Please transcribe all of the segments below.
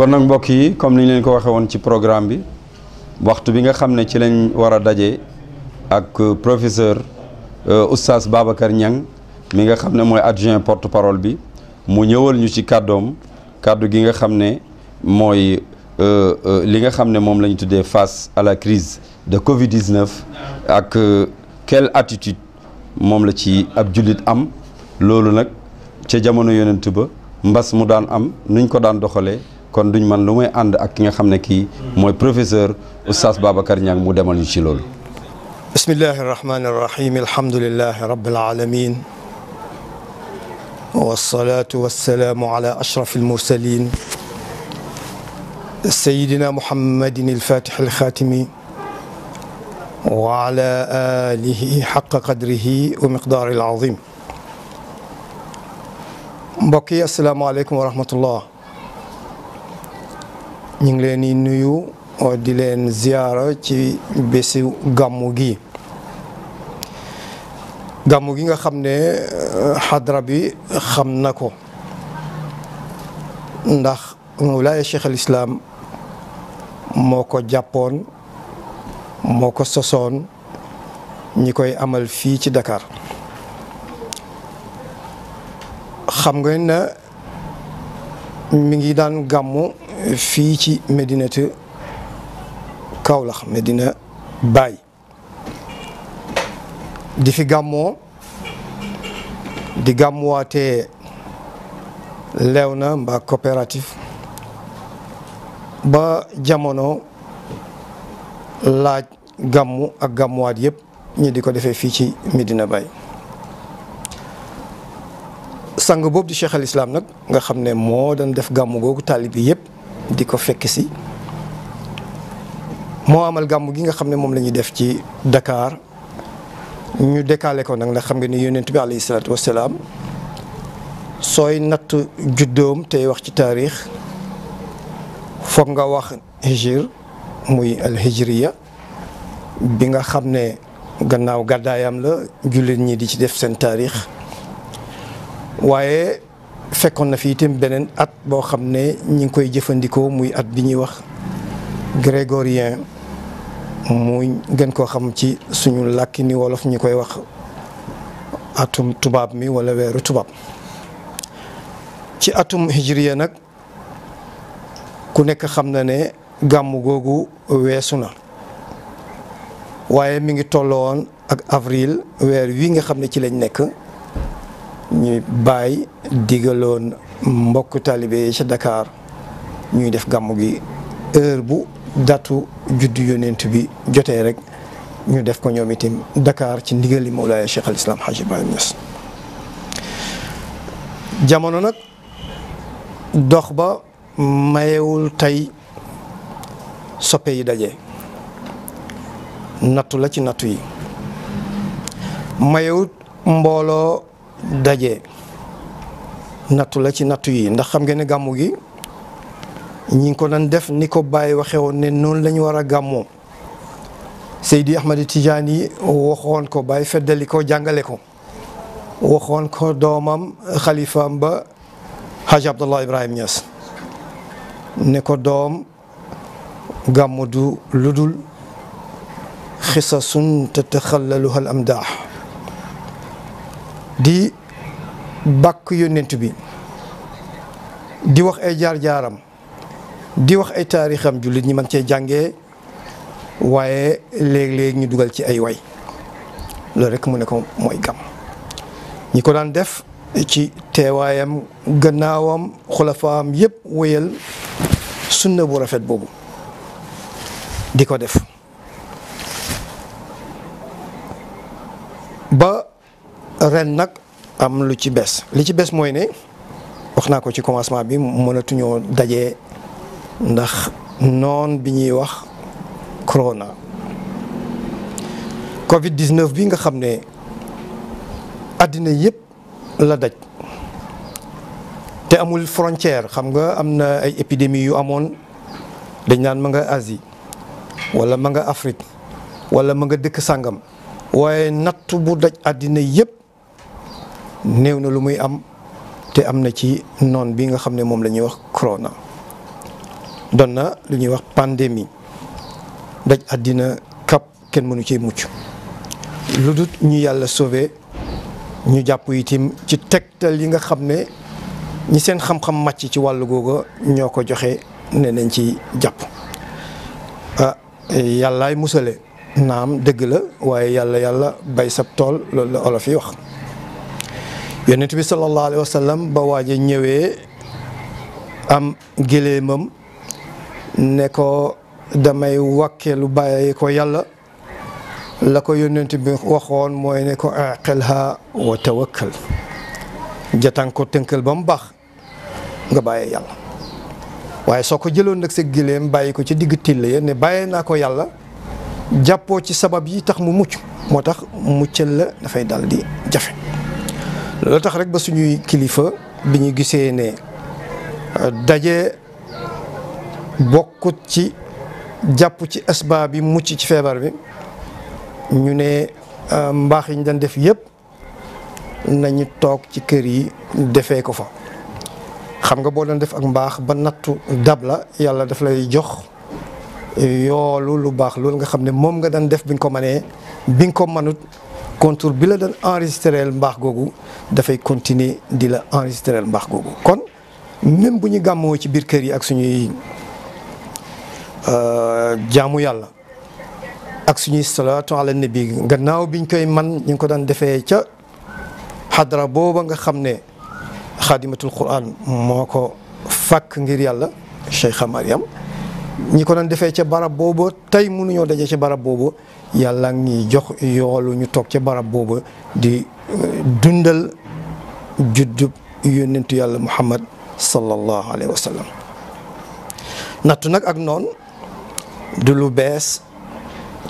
kon nag mbokk yi comme ni ñu leen ko waxee woon ci programme bi waxtu bi nga xam ne ci lañ war a daje ak euh, professeur euh, oustaz Babacar Niang mi nga xam ne mooy adjoint porte parole bi mu ñëwal ñu ci kàddoom kàddu gi nga xam ne mooy euh, li nga xam ne moom la tuddee face à la crise de Covid 19 ak quelle attitude moom la ci ab jullit am loolu nag ca jamono yonent ba mbas mu daan am nuñ ko daan doxalee. kon duñ man lu may ànd ak ki nga xam ne kii mooy professeur oustaz Babacar Niang mu demal ñu ci loolu bismillahi irrahmani irrahim alhamdulilahi rabilalamin wasalaatu wasalaamu ala ashraf almursalin sayidina muhammadin alfatih alxaatimi wa ala alihi xaqa qadrihi wa miqdaari alazim mbokk yi asalaamaaleykum wa rahmatullah ñu ngi leen di nuyu di leen ziyaara ci bésu gàmmu gi gàmmu gi nga xam ne euh, xadra bi xam na ko ndax Mawlaaya Cheikh al Islam moo ko jàppoon moo ko sosoon ñi koy amal fii ci Dakar xam nga na mi ngi daan gàmmu fii ci Medinatu Kaolack Medina baay di fi gàmmoo di gàmmuwaatee leew na mbaa coopérative ba jamono laaj gàmmu ak gàmmuwaat yëpp ñi di ko defee fii ci Medina baay sang boobu di cheikh al nag nga xam ne moo doon def gàmmu googu taalib yi yépp di ko fekk si moo amal gàmm gi nga xam ne moom lañuy def ci dakaar ñu décalé ko nag ndax xam nga ni yonent bi alayhi salaatu wasalaam sooy natt juddoom tey wax ci taarix foog nga wax hijir muy alhijriya bi nga xam ne gannaaw gàddaayam la jullit ñi di ci def seen taarix waaye fekkoon na fi itam beneen at boo xam ne ñi ngi koy jëfandikoo muy at bi ñuy wax grégorien mu gën koo xam ci suñu làkki ni wolof ñu koy wax atum tubaab mi wala weeru tubaab ci atum hijriya nag ku nekk xam na ne gàmm googu weesu na waaye mu ngi tolloon ak avril weer wi nga xam ne ci lañ nekk ñu bàyyi digaloon mbokk taalibe yi ci ñuy def gàmmu gi heure bu datu juddu yonent bi jotee rekk ñu def ko ñoom itim dakaar ci ndigali Mawlaaya Cheikh al Islam Hadj Ibrahim jamono nag dox ba mayewul tey soppe yi daje nattu la ci nattu yi mayewut mbooloo daje nattu la ci nattu yi ndax xam ngeen ne gàmmu gi ñi ngi ko doon def ni ko bàyyi waxee woon ne noonu lañu ñu war a gàmmoo Seydi Ahmad Tijaani waxoon ko bàyyi feddali ko jàngale ko waxoon ko doomam xalifaam ba Haji Abdallah Ibrahim Niass ne ko doom gàmmu du ludul xisasun tataxallaluha al amdaax di bàkk yónnent bi di wax ay jaar-jaaram di wax ay taarixam jullit ñi mën cee jànge waaye léeg-léeg ñu dugal ci ay way loolu rekk mu ne ko mooy gam ñi ko daan def ci teewaayam gannaawam xulafaam yëpp wéyal sunna bu rafet boobu di ko def ren nag am lu ci bees li ci bees mooy ne wax naa ko ci commencement bi mënatuñoo daje ndax noon bi ñuy wax corona Covid 19 bi nga xam ne àddina yëpp la daj te amul frontière xam nga am na ay épidemi yu amoon dañ naan ma nga asi wala ma nga Afrique wala ma nga dëkk sàngam waaye natt bu daj àddina yëpp. néew na lu muy am te am na ci noon bi nga xam ne moom lañuy wax corona doon na lu ñuy wax pandémie daj àddina kap kenn mënu ci mucc lu dut ñu yàlla sauvé ñu jàpp itim ci tegtal yi nga xam ne ñi seen xam-xam màcc ci wàllu googu ñoo ko joxe ne nañ ci jàpp ah yàllaay musale naam dëgg la waaye yàlla yàlla bay sab tool loolu la olof yi wax yonent bi sallallahu alayhi wa sallam ba waaje ñëwee am gëléemam ne ko damay wàkkeelu bàyyi ko yàlla la ko yonent bi waxoon mooy ne ko aqilha wa tawakkal jatan ko tënkal ba mu baax nga bàyyi yàlla waaye soo ko jëloon nag sa giléem bàyyi ko ci digg till ya ne bàyyi naa ko yàlla jàppoo ci sabab yi tax mu mucc moo tax muccal la dafay dal di jafe loolu tax rek ba suñuy kilifa bi ñu gisee ne euh, daje bokkut ci jàpp ci asbaab bi mucc ci feebar bi ñu ne euh, mbaax yi ñu daan def yëpp nañu toog ci kër yi defee ko fa. xam nga boo doon def ak mbaax ba nattu dab la yàlla daf lay jox yoolu lu baax loolu nga xam ne moom nga daan def bi nga ko manee bi nga ko manut contour bi la doon enregistreel mbaax googu dafay continuer di la enregistreel mbaax googu kon même bu ñu gàmmoo ci biir kër yi ak suñuy euh, jaamu yàlla ak suñuy salaatu ala nabi gannaaw biñ koy man ñu ngi ko daan defee ca xadara booba nga xam ne xaadimatul quran moo ko fàkk ngir yàlla Cheikha Mariam ñi ko doon defee ca barab boobu tey mënuñoo daje ca barab boobu yàlla ngi jox yoolu ñu toog ca barab boobu di eh, dundal juddub yónnentu yàlla muhammad sallallahu alayhi wa nattu nag ak noon du lu bees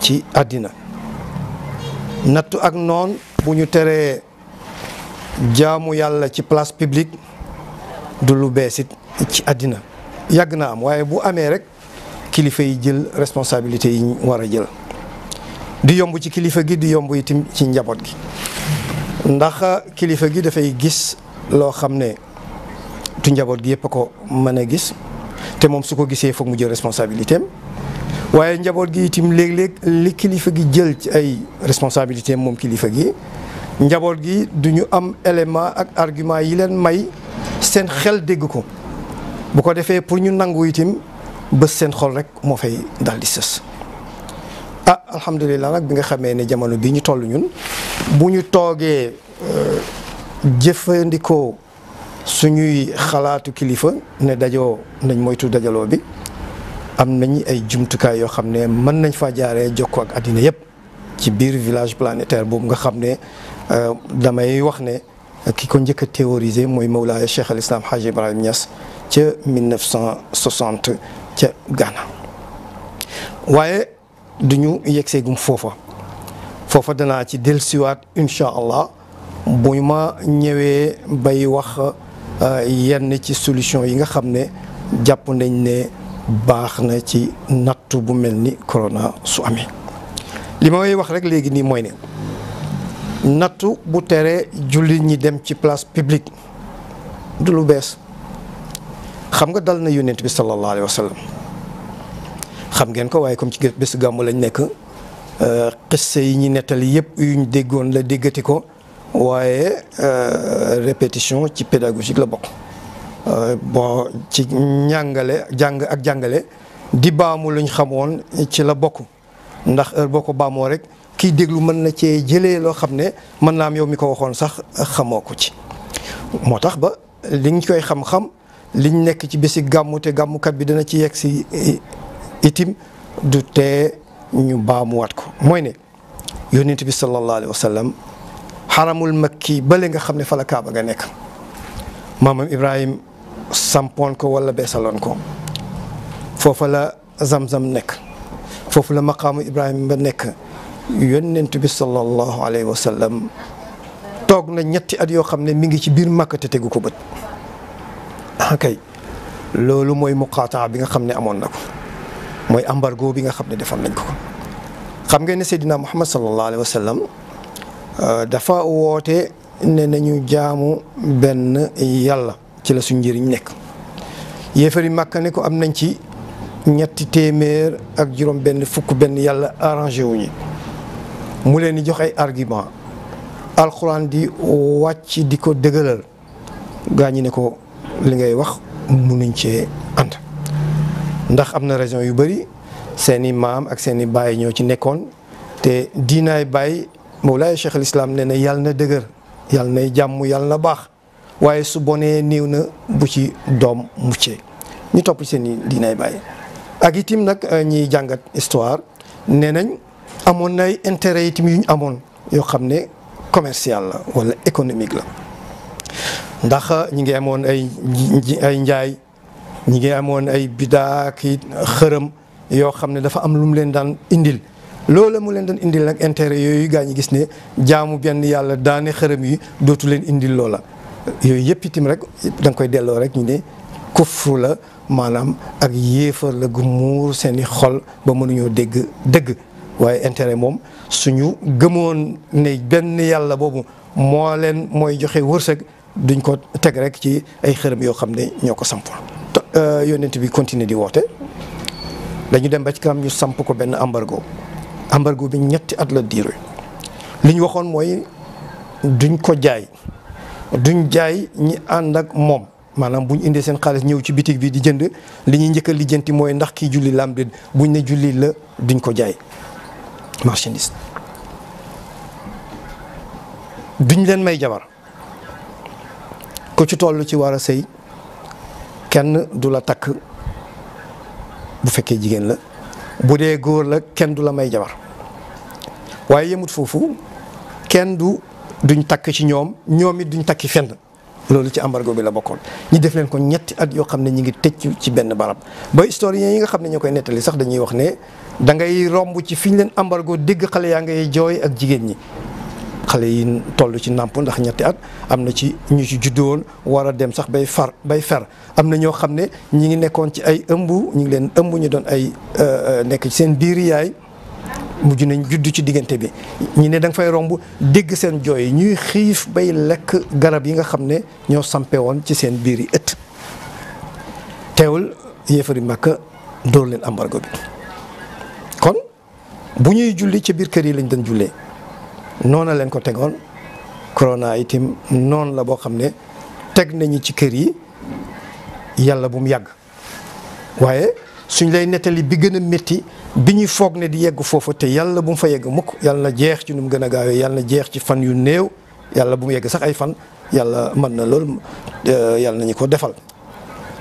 ci àddina nattu ak noon bu ñu teree jaamu yàlla ci place publique du lu bees it ci àddina yàgg na am waaye bu amee rek kilifa yi jël responsabilité yi war a jël di yomb ci kilifa gi di yomb itam ci njaboot gi ndax kilifa gi dafay gis loo xam ne tu njaboot gi yëpp a ko mën a gis te moom su ko gisee foog mu jël responsabilité am waaye njaboot gi itam léeg-léeg li kilifa gi jël ci ay responsabilité moom kilifa gi njaboot gi du ñu am élément ak argument yi leen may seen xel dégg ko bu ko defee pour ñu nangu itam bés seen xol rek moo fay dal di sës ah alhamdulilah nag bi nga xamee ne jamono bi ñu toll ñun bu ñu toogee euh, jëfandikoo suñuy xalaatu kilifa ne dajoo nañ moytu dajaloo bi am nañ ay jumtukaay yoo xam ne mën nañ faa jaaree jokkoo ak àddina yëpp ci biir village planétaire boobu nga xam ne euh, damay wax ne ki ko njëkk a théorisé mooy Mawlaaya Cheikh al Islam Hadj Ibrahim Niass ca 1960 ca Ghana waaye du ñu yegseegum foofa foofa danaa ci dellusiwaat incha allah bu ma ñëwee bay wax eh, yenn ci solution yi nga xam ne jàpp nañ ne baax na ci nattu bu mel ni corona su amee li may wax rek léegi nii mooy ne nattu bu tere jullit ñi dem ci place publique du lu bees. xam nga dal na yónent bi sallallahu alayhi wa sallam xam ngeen ko waaye comme ci bésu gàmmu lañ nekk xisse euh, yi ñu nettali yëpp ñu déggoon la déggati ko waaye euh, répétition ci pédagogique la bokk euh, bon ci njàngale jàng ak jàngale di baamu luñ xamoon ci la bokk ndax heure boo ko baamoo rek kiy déglu mën na cee jëlee loo xam ne mën naa am yow mi ko waxoon sax xamoo ko ci moo tax ba liñ koy xam-xam liñ nekk ci bési gàmmu te gàmmukat bi dana ci yegg si eh, itim du te ñu baamuwaat ko mooy ne yónnent bi sallallahu alayhi wa sallam xaramul makki bale nga xam ne fa la kaaba nga nekk maamam Ibrahim sampoon ko wala beesaloon ko foofa la zamzam nekk foofu la maqaamu Ibrahim ba nekk yónnent bi sallallahu alayhi wa toog na ñetti at yoo xam ne mi ngi ci biir Makka te tegu ko bët. Ah, kay loolu mooy muqaataa bi nga xam ne amoon na ko mooy embargo bi nga xam ne defoon nañ ko ko xam ngeen ne Seydina Muhammad sallallahu alayhi wa sallam euh, dafa woote ne nañu jaamu benn yàlla ci la suñ njëriñ nekk yéefari Màkka ne ko am nañ ci ñetti téeméer ak juróom benn fukk benn yàlla arrangé wuñu mu leen di jox ay argument alxuraan di wàcc di ko dëgëral gaa ñi ne ko li ngay wax mu munuñ cee ànd ndax am na région yu bëri seeni maam ak seeni i baay ñoo ci nekkoon te diinaay baay Mawlaay Cheikh al Islam nee na yàlla na dëgër yàlla nay jàmm yàlla na baax waaye su bonee niiw na bu ci doom muccee ñu topp seen i diinaay baay ak itim nag eh, ñiy jàngat histoire nee nañ amoon nay intérêt itim yu ñu amoon yoo xam ne commercial la wala économique la ndax ñi ngi amoon ay ay njaay ñi ngi amoon ay bidaaki xërëm yoo xam ne dafa am lu mu leen daan indil loolu mu leen daan indil nag intérêt yooyu gaa ñi gis ne jaamu benn yàlla daane xërëm yi dootu leen indil loola yooyu yëpp itam rek danga koy delloo rek ñu ne kufru la maanaam ak yéefar la gu muur seeni xol ba mënuñoo dégg dëgg waaye intérêt moom suñu gëmoon ne benn yàlla boobu moo leen mooy joxe wërsëg duñ ko teg rek ci ay xërëm yoo xam ne ñoo ko sampoon. Euh, yonent bi continuer di woote dañu dem ba ci kanam ñu samp ko benn embargo embargo bi ñetti at la diire li ñu waxoon mooy duñ ko jaay duñ jaay ñi ànd ak moom maanaam buñ indee seen xaalis ñëw ci bitig bi di jënd li ñuy njëkk a lijjanti mooy ndax kii julli laam déet buñ ne julli la duñ ko jaay marchandise duñ leen may jabar. ku ci toll ci war a sëy kenn du la takk bu fekkee jigéen la bu dee góor la kenn du la may jabar waaye yemut foofu kenn du duñ takk ci ñoom ñoom it duñ takki fenn loolu ci embargo bi la bokkoon ñi def leen ko ñetti at yoo xam ne ñi ngi tëj ci benn barab ba historien yi nga xam ne ñoo koy nettali sax dañuy wax ne da ngay romb ci fi ñu leen embargo dégg xale yaa ngay jooy ak jigéen ñi xale yi toll ci nàmp ndax ñetti at am na ci ñu ci juddu woon war a dem sax bay far bay fer am na ñoo xam ne ñi ngi nekkoon ci ay ëmb ñu ngi leen ëmb ñu doon ay euh, euh, nekk ci seen biir yaay mujj nañ juddu ci diggante bi ñu ne da fay romb dégg seen jooy ñuy xiif bay lekk garab yi nga xam ne ñoo sampe woon ci seen biir yi ëtt teewul yéefari Makka dóor leen embargo bi kon bu ñuy julli ci biir kër yi lañ doon jullee noona leen ko tegoon corona itim noonu la boo xam ne teg nañu ci kër yi yàlla bu mu yàgg waaye suñ lay nettali bi gën a métti bi ñuy foog ne di yegg foofa te yàlla bu mu fa yegg mukk yàlla jeex ci nu mu gën a gaawee yàlla jeex ci fan yu néew yàlla bu mu yegg sax ay fan yàlla mën na lool euh, yàlla nañu ko defal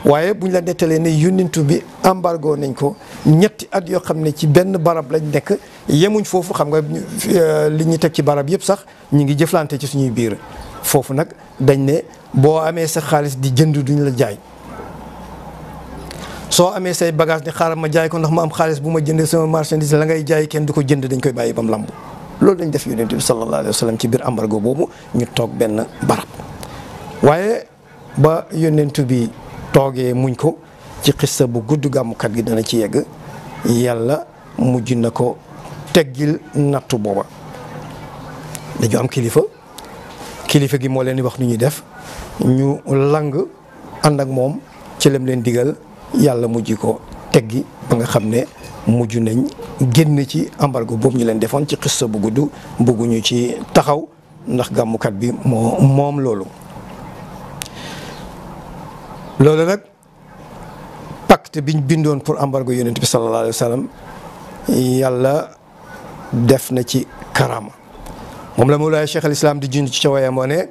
waaye buñ la nettalee ne yónnintu bi embargo nañ ko ñetti at yoo xam ne ci benn barab lañ nekk yemuñ foofu xam nga euh, li ñu teg ci barab yëpp sax ñu ngi jëflante ci suñuy biir foofu nag dañ ne boo amee sa xaalis di jënd duñu la jaay soo amee say bagage ni xaaral ma jaay ko ndax ma am xaalis bu ma jëndee sama marchandise la ngay jaay kenn du ko jënd dañ koy bàyyi ba mu lamb loolu lañ def yonent bi sallallahu alayhi wa sallam ci biir embargo boobu ñu toog benn barab ba yonent bi toogee muñ ko ci xista bu gudd gàmmukat gi dana ci yegg yàlla mujj na ko teggil nattu booba dañu am kilifa kilifa gi moo leen di wax nu ñuy def ñu lang ànd ak moom ci lam leen digal yàlla mujj ko teggi ba nga xam ne mujj nañ génn ci embargo boobu ñu leen defoon ci xista bu gudd bëgguñu ci taxaw ndax gàmmukat bi moo moom loolu loolu nag pacte biñ bindoon pour embargo yonent bi sallallahu alayhi wa sallam yàlla def na ci karama moom la Mawlaay Cheikh al Islam di junj ci cawayam moo ne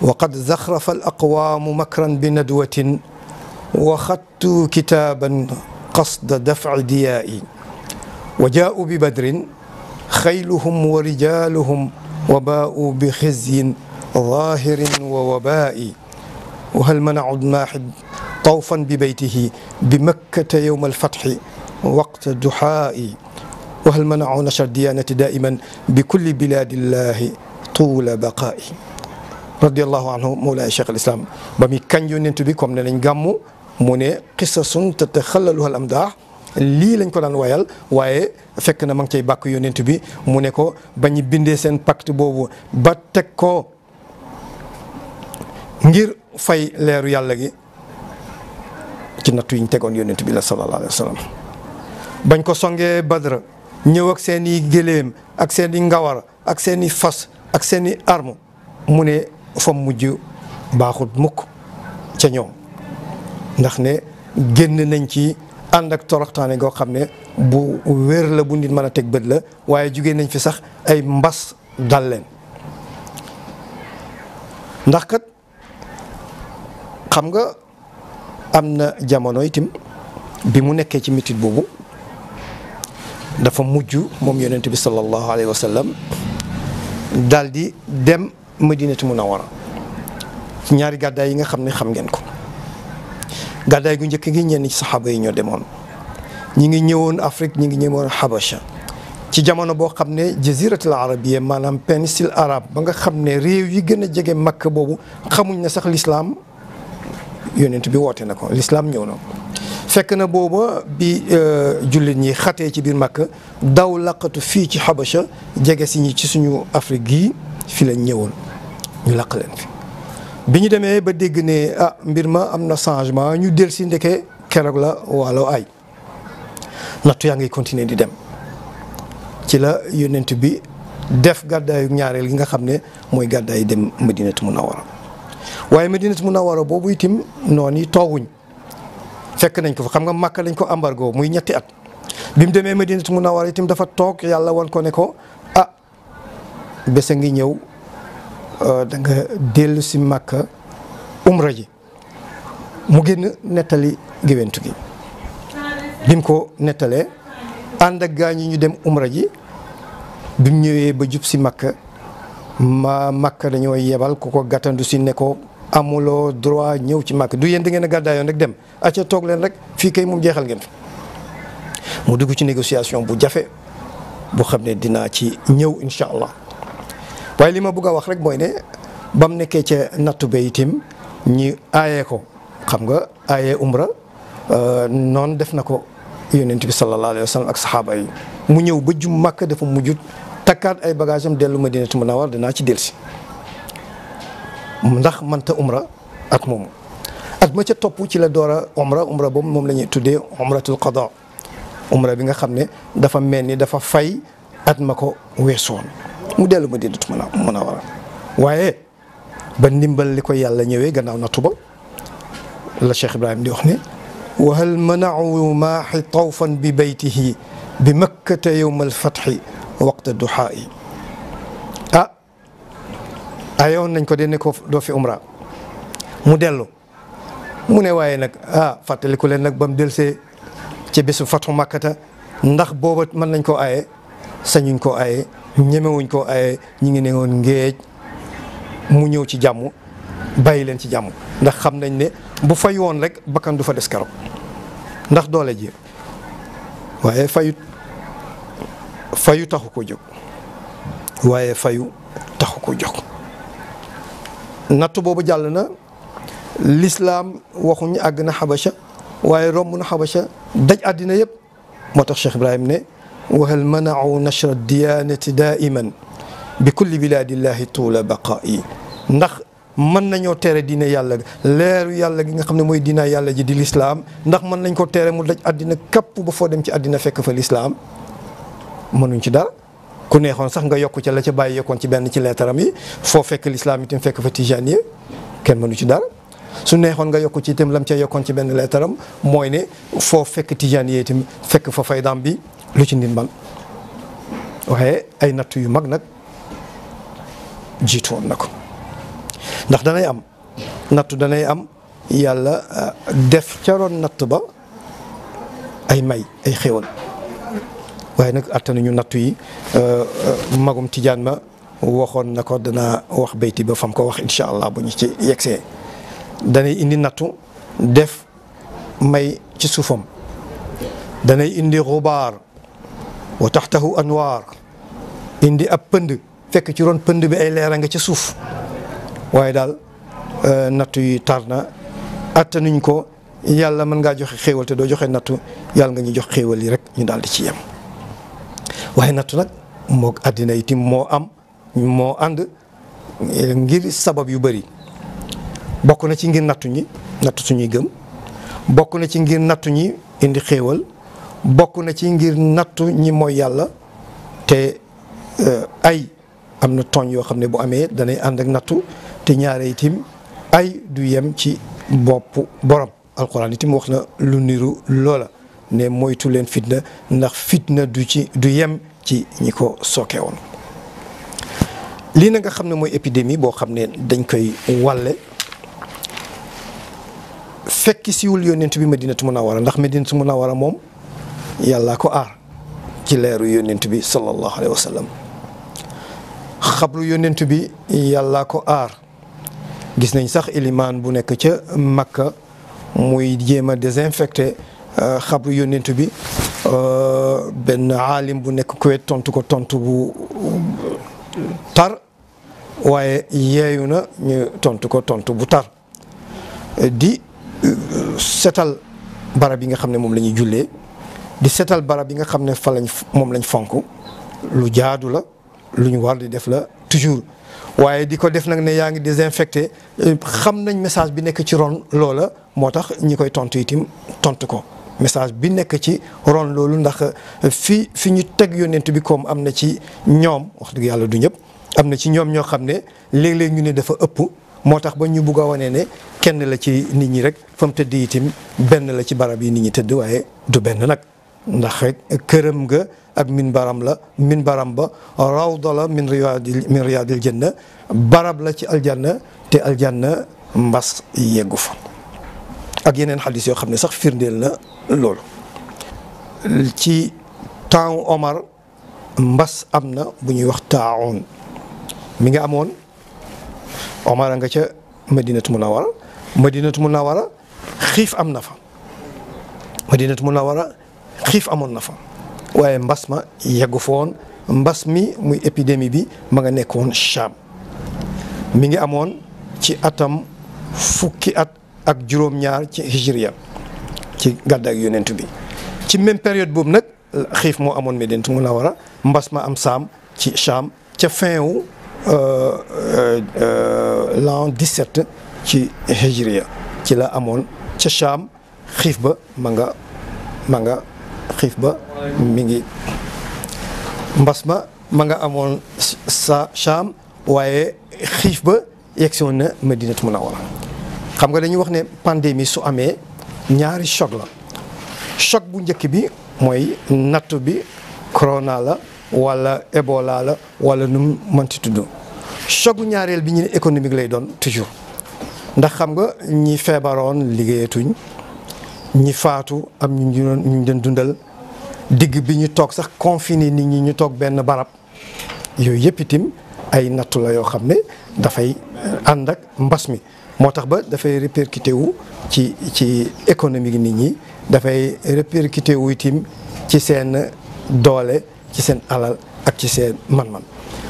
wa qad zaxrafa al aqwaamu makran bi nadwatin wa xattu kitaaban qasda dafci diyaa'i wa jaa'u bi badrin xayluhum wa rijaaluhum wa baa'u bi xizyin zaahirin wa wabaa'i وهل منع ماحد طوفا ببيته بمكة يوم الفتح وقت دحائي وهل منع نشر ديانة دائما بكل بلاد الله طول بقائي radiallahu anhu moolaay cheikh al islam ba muy kañ yonent bi comme ne nañ gàmmu mu ne qisasun tataxallaluha al amdaax lii lañ ko daan wayal waaye fekk na ma ngi cay bàkk yonent bi mu ne ko ba ñu bindee seen pacte boobu ba teg ko ngir fay leeru yàlla gi ci nattu yi ñu tegoon yonent bi la sallallahu alayhi bañ ko songee badra ñëw ak seeni gëléem géléem ak seen ngawar ak seeni fas ak seeni i mu ne fa mujj baaxut mukk ca ñoom ndax ne génn nañ ci ànd ak toroxtaane goo xam ne bu wér la bu nit mën a teg bët la waaye jugee nañ fi sax ay mbas dal leen ndax kat xam nga am na jamono itam bi mu nekkee ci métit boobu dafa mujj moom yonent bi sallallahu alayhi wa sallam daal di dem madinatu munawara ci ñaari gàddaay yi nga xam ne xam ngeen ko gàddaay gu njëkk ngi ñenn ci saxaaba yi ñoo demoon ñu ngi ñëwoon Afrique ñu ngi ñëwoon Habasha ci jamono boo xam ne jaziratul arabiya maanaam péninsule arabe ba nga xam ne réew yi gën a jege makk boobu xamuñ na sax lislaam yonent bi wootee na ko lislaam ñëw na fekk na booba bi euh, jullit ñi xatee ci biir Makka daw laqatu fii ci Xabasha jege si ñi ci suñu Afrique gii fi la ñëwoon ñu laq leen fi bi ñu demee ba dégg ne ah mbir ma am na changement ñu del si ndeke keroog la waalo ay nattu yaa ngi continuer di dem ci la yonent bi def gàddaayu ñaareel gi nga xam ne mooy gàddaayu dem Madinatu Munawwara waaye ma mun a Munawwara boobu itim noonu yi tooguñ fekk nañ ko fa xam nga Makka lañ ko embargo muy ñetti at bi mu demee a Munawwara itam dafa toog yàlla wan ko ne ko ah bés a ngi ñëw euh, danga dellu si Makka umra ji mu génn nettali géwéntu gi bi mu ko nettalee ànd ak gaa ñu dem umra ji bi ñëwee ba jub si Makka ma Makka dañoo yebal ko ko gàttandu si ne ko amuloo droit ñëw ci màkk du yéen di ngeen a gàddaayoon rek dem acca toog leen rek fii kay moom jeexal ngeen fi mu dugg ci négociation bu jafe bu xam ne dinaa ci ñëw incha allah waaye li ma bugg a wax rek mooy ne ba mu nekkee ca nattu ba itim ñi aayee ko xam nga aayee umra euh, noon def na ko yonent bi sallallahu alayhi wa sallam ak saxaaba yi mu ñëw ba ju màkk dafa mujjut takkaat ay bagage am dellu madinatu war dinaa ci delsi ndax manta umra at moomu at ma ca topp ci la doora a umra umra moom la ñuy tuddee umratul qada umra bi nga xam ne dafa mel ni dafa fay at ma ko weesoon mu dellu Madinatu Munawwara waaye ba ndimbal li ko yàlla ñëwee gannaaw nattu ba la Cheikh Ibrahim di wax ne wa hal manau maaxi tawfan bi baytihi bi makkata yowma alfatxi waqta duxaa'i ayoon nañ ko de ne ko doo fi umra mu dellu mu ne waaye nag ah fàttaliku leen nag ba mu delsee ci bisu fatu màkkata ndax booba mën nañ koo aye sañuñ koo aye ñemewuñ koo aye ñi ngi ne woon ngéej mu ñëw ci jàmm bàyyi leen ci jàmm ndax xam nañ ne bu fay woon rek bakkan du fa des karo ndax doole ji waaye fayu fayu taxu ko jóg waaye fayu taxu ko jóg natt boobu jàll na lislaam waxuñu àgg na xabasha waaye romb na xabasha daj àddina yëpp moo tax Cheikh Ibrahim ne wahal manau nashra diyanati daiman bi kulli bilaadillahi tuula baqaa'i ndax mën nañoo tere diine yàlla leeru yàlla gi nga xam ne mooy diina yàlla ji di lislaam ndax mën nañ ko tere mu daj àddina kapp ba foo dem ci àddina fekk fa lislaam mënuñ ci dal ku neexoon sax nga yokk ca la ca bàyyi yokkoon ci benn ci leetaram yi foo fekk lislaam itam fekk fa tijaan yi kenn mënu ci dara su neexoon nga yokk ci itam lam ca yokkoon ci benn leetaram mooy ne foo fekk tijaan yi itam fekk fa faydaam bi lu ci nit man waaye ay natt yu mag nag jiitu na ko ndax danay am nattu danay am yàlla ah, def ca roon natt ba ay may ay xéwal waaye nag attanuñu nattu yi euh, euh, magum tijaan ma waxoon na ko dana wax bayti ba fam ko wax incha allah bu ñu ci yegsee danay indi nattu def may ci suufam danay indi xubaar tax taxtahu anwaar indi ab pënd fekk ci ron pënd bi ay leera nga ci suuf waaye daal euh, nattu yi tar na attanuñ ko yàlla mën ngaa joxe xéewal te doo joxe nattu yàlla nga ñu jox xéewal yi rek ñu daal di ci yem waaye nattu nag moo àddina itim moo am moo ànd eh, ngir sabab yu bari bokk na ci ngir nattu ñi nattu suñuy gëm bokk na ci ngir nattu ñi indi xéewal bokk na ci ngir nattu ñi mooy yàlla te eh, ay am na tooñ yoo xam ne bu amee danay ànd ak nattu te ñaare itim ay du yem ci bopp boroom alxuraan itim wax na lu niru loola ne moytu leen fitna ndax fitna du ci du yem ci ñi ko sooke woon lii na nga xam ne mooy épidémie boo xam ne dañ koy wàlle fekk siwul yónent bi Madinatu Munawara ndax Madinatu wara moom yàllaa ko aar ci leeru yónent bi sallallahu alayhi wa sallam xabru yónent bi yàllaa ko aar gis nañ sax ilimaan bu nekk ca Makka muy jéema a désinfecté xabru yónnent bi euh, benn aalim bu nekk Kuwait tontu ko tontu bu tar waaye yeeyu na ñu tontu ko tontu bu tar di euh, setal barab yi nga xam ne moom lañuy ñuy jullee di setal barab yi nga xam ne fa lañ moom lañ fonk lu jaadu la lu ñu war di def la toujours waaye di ko def nag ne yaa ngi désinfecté euh, xam nañ message bi nekk ci ron loola moo tax ñi koy tontu itim tontu ko. message bi nekk ci ron loolu ndax euh, fi fi ñu teg yonent bi comme am na ci ñoom wax dëgg yàlla du ñëpp am na ci ñoom ñoo xam ne léeg-léeg ñu ne dafa ëpp moo tax ba ñu bugg a wane ne kenn la ci nit ñi rek fam mu tëdd itam benn la ci barab yi nit ñi tëdd waaye du benn nag ndax këram ga ak min baram la min baram ba raw la min riyaadil min riyaadil barab la ci aljanna te aljanna mbas yeggu fa ak yeneen xadis yoo xam ne sax firndeel na loolu ci temps Omar mbas am na bu ñuy wax taaun mi nga amoon Omar nga ca Madinatu Munawara Madinatu Munawara xiif am na fa Madinatu Munawara xiif amoon na fa waaye mbas ma yeggu fa mbas mi muy épidémie bi ma nga nekkoon Cham mi ngi amoon ci atam fukki at ak juróom-ñaar ci hijriya ci gàddaay yonent bi ci même période boobu nag xiif moo amoon Medinatu Munawara mbas ma am saam ci Cham ca fin wu euh, euh, l'an 17 ci hijriya ci la amoon ca Cham xiif ba ma nga ma nga xiif ba mi ngi mbas ma ma nga amoon sa Cham waaye xiif ba yegsi woon na Medinatu Munawara xam nga dañuy wax ne pandémie su amee ñaari choc la choc bu njëkk bi mooy natt bi corona la walla Ebola la wala nu mu tudd choc ñaareel bi ñu ne économique lay doon toujours ndax xam nga ñi feebaroon liggéeyatuñ ñi faatu am ñu ñu doon dundal digg bi ñu toog sax confiné nit ñi ñu toog benn barab yooyu yëpp itam ay nattu la yoo xam ne dafay ànd ak mbas mi. moo tax ba dafay répercuté wu ci ci économique nit ñi dafay répercuté wu itam ci seen doole ci seen alal ak ci seen man-man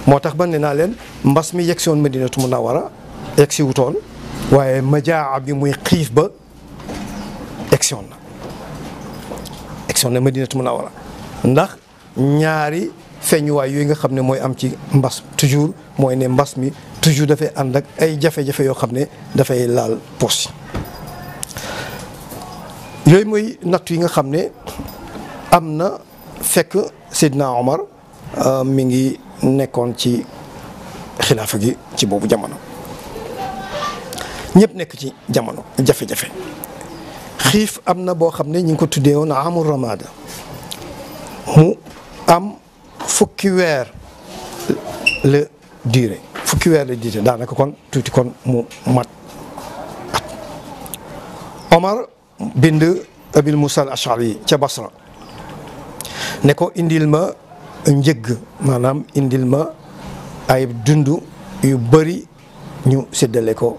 moo tax ba ne naa leen mbas mi yegg si woon Madinatu Munawara yegg si wutoon waaye majaa bi muy xiif ba egg si woon na egg si woon na Madinatu Munawara ndax ñaari feeñuwaay yooyu nga xam ne mooy am ci mbas toujours mooy ne mbas mi toujours dafay ànd ak ay jafe-jafe yoo xam ne dafay laal poche yooyu mooy nattu yi nga xam ne am na fekk Seydina Omar euh, mi ngi nekkoon ci xilaafa gi ci boobu jamono ñëpp nekk ci jamono jafe-jafe xiif am na boo xam ne ñu ngi ko tuddee woon amul ramada mu am fukki weer la durée fukki weer la jiite kon tuuti kon mu mat at Omar bind Abil Moussa al Ashari ca Basra ne ko indil ma njëgg maanaam indil ma ay dund yu bëri ñu séddale ko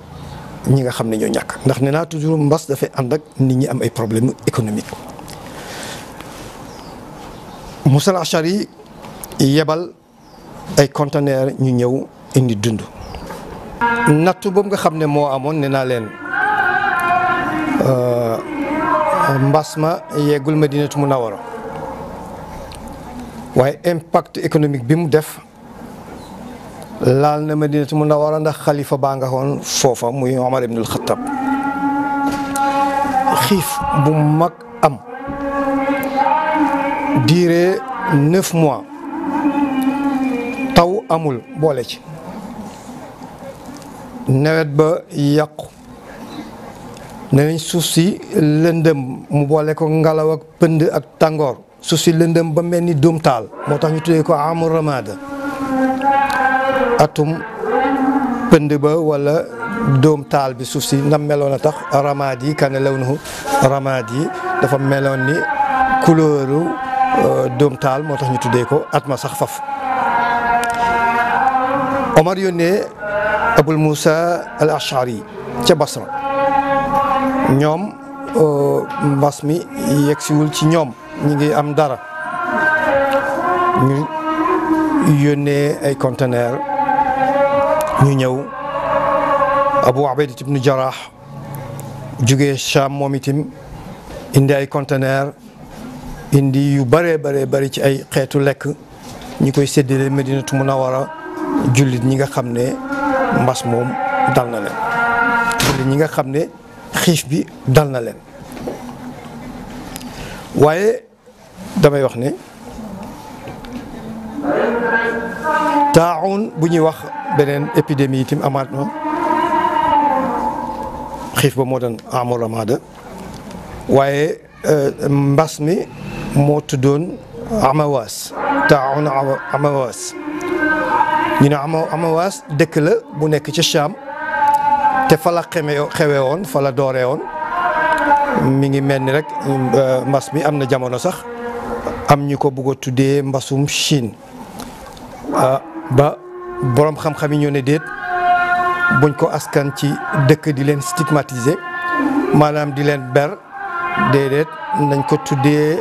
ñi nga xam ne ñoo ñàkk ndax ne naa toujours mbas dafay ànd ak nit ñi am ay problème économique Moussa al Ashari yebal ay conteneur ñu ñëw indi dund nattu boobu nga xam ne moo amoon ne naa leen euh, mbas ma yeegul Madinatu Munawara waaye impact économique bi mu def laal na Madinatu Munawara ndax xalifa baa nga xoon foofa muy Omar ibnul Xattab xiif bu mag am diire neuf mois taw amul boole ci nawet ba yàqu ne suuf si lëndëm mu boole ko ngelaw ak pënd ak tàngoor suuf si lëndëm ba mel ni dóom taal moo tax ñu tuddee ko amu ramada atum pënd ba wala dóom taal bi suuf si nam meloon a tax ramad yi kane lawnuhu ramad yi dafa meloon ni couleuru euh, dóom taal moo tax ñu tuddee ko at ma sax faf Omar yónnee Abul muusa al Ashari ca Basra ñoom euh, mbas mi yegsiwul ci ñoom ñu ngi am dara ñu yónnee ay conteneur ñu ñëw Abu Ubaydat ibnu Jaraax jugee Cham moom itam indi ay conteneur indi yu bëree bëree bëri ci ay xeetu lekk ñu koy séddale Madinatu Munawara jullit ñi nga xam ne mbas moom dal na leen wala ñi nga xam ne xiif bi dal na leen waaye damay wax ni taawun bu ñuy wax beneen épidémie itam amaat na xiif ba moo doon amul ramada waaye euh, mbas mi moo tudoon amawaas taawun amawaas ñu ne ama Amawaas dëkk la bu nekk ci Cham te fa xeme xewe woon fala doore dooree woon mi ngi mel ni rek euh, mbas mi am na jamono sax am ñu ko bëgg a tuddee mbasum Chine ah, ba boroom xam-xam yi ne déet buñ ko askan ci dëkk di leen stigmatiser maanaam di leen ber déedéet nañ ko tuddee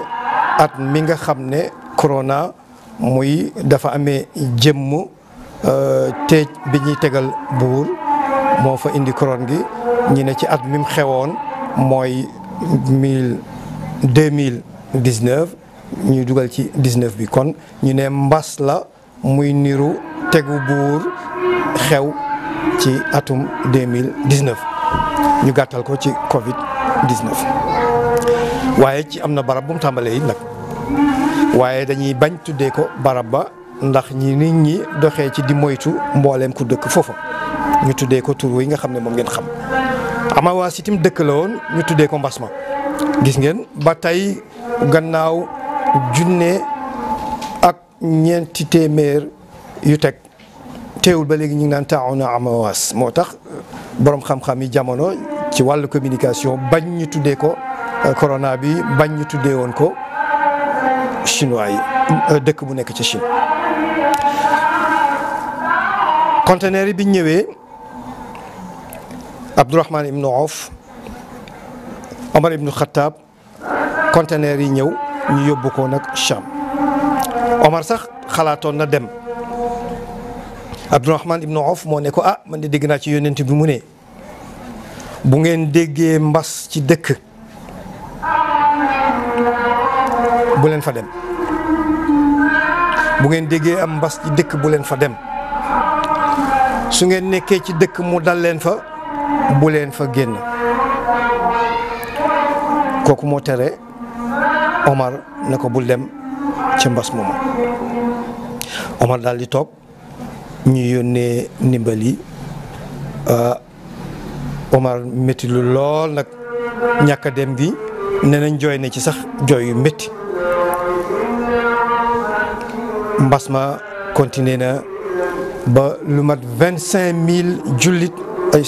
at mi nga xam ne corona muy dafa amee jëmm Euh, teej bi ñuy tegal buur moo fa indi koroon gi ñu ne ci at mi mu xewoon mooy mille deux mille dix neuf ñuy dugal ci dix bi kon ñu ne mbas la muy niru tegu buur xew ci atum deux mille dix ñu gàttal ko ci Covid dix neuf waaye ci am na barab bu mu tàmbalee yi nag waaye dañuy bañ tuddee ko barab ba. ndax ñi nit ñi doxee ci di moytu mbooleem ku dëkk foofa ñu tuddee ko tur yi nga xam ne moom ngeen xam amawaas itam dëkk la woon ñu tuddee ko mbas gis ngeen ba tey gannaaw junne ak ñeenti téeméer yu teg teewul ba léegi ñu ngi naan taawuna amawaas moo tax borom xam-xam yi jamono ci wàllu communication bañ ñu tuddee ko euh, corona bi bañ ñu tuddee woon ko chinois yi euh, dëkk bu nekk ci Chine. conteneur yi biñ ñëwee Abdourahman ibnu Awf Omar ibnu Khattab conteneur yi ñëw ñu yóbbu ko nag Cham Omar sax xalaatoon na dem Abdourahman ibnu Awf moo ne ko ah man de dégg naa ci yónnent bi mu ne bu ngeen déggee mbas ci dëkk bu leen fa dem bu ngeen déggee am mbas ci dëkk bu leen fa dem su ngeen nekkee ci dëkk mu dal leen fa bu leen fa génn kooku moo tere Omar ne ko bul dem ci mbas moomu Omar daal di toog ñu yónnee ndimbal yi ah, Omar métti lu lool nag ñàkk dem bi ne nañ jooy na ci sax jooy yu mbas ma continué na. ba lu mat vingt cinq mille jullit ay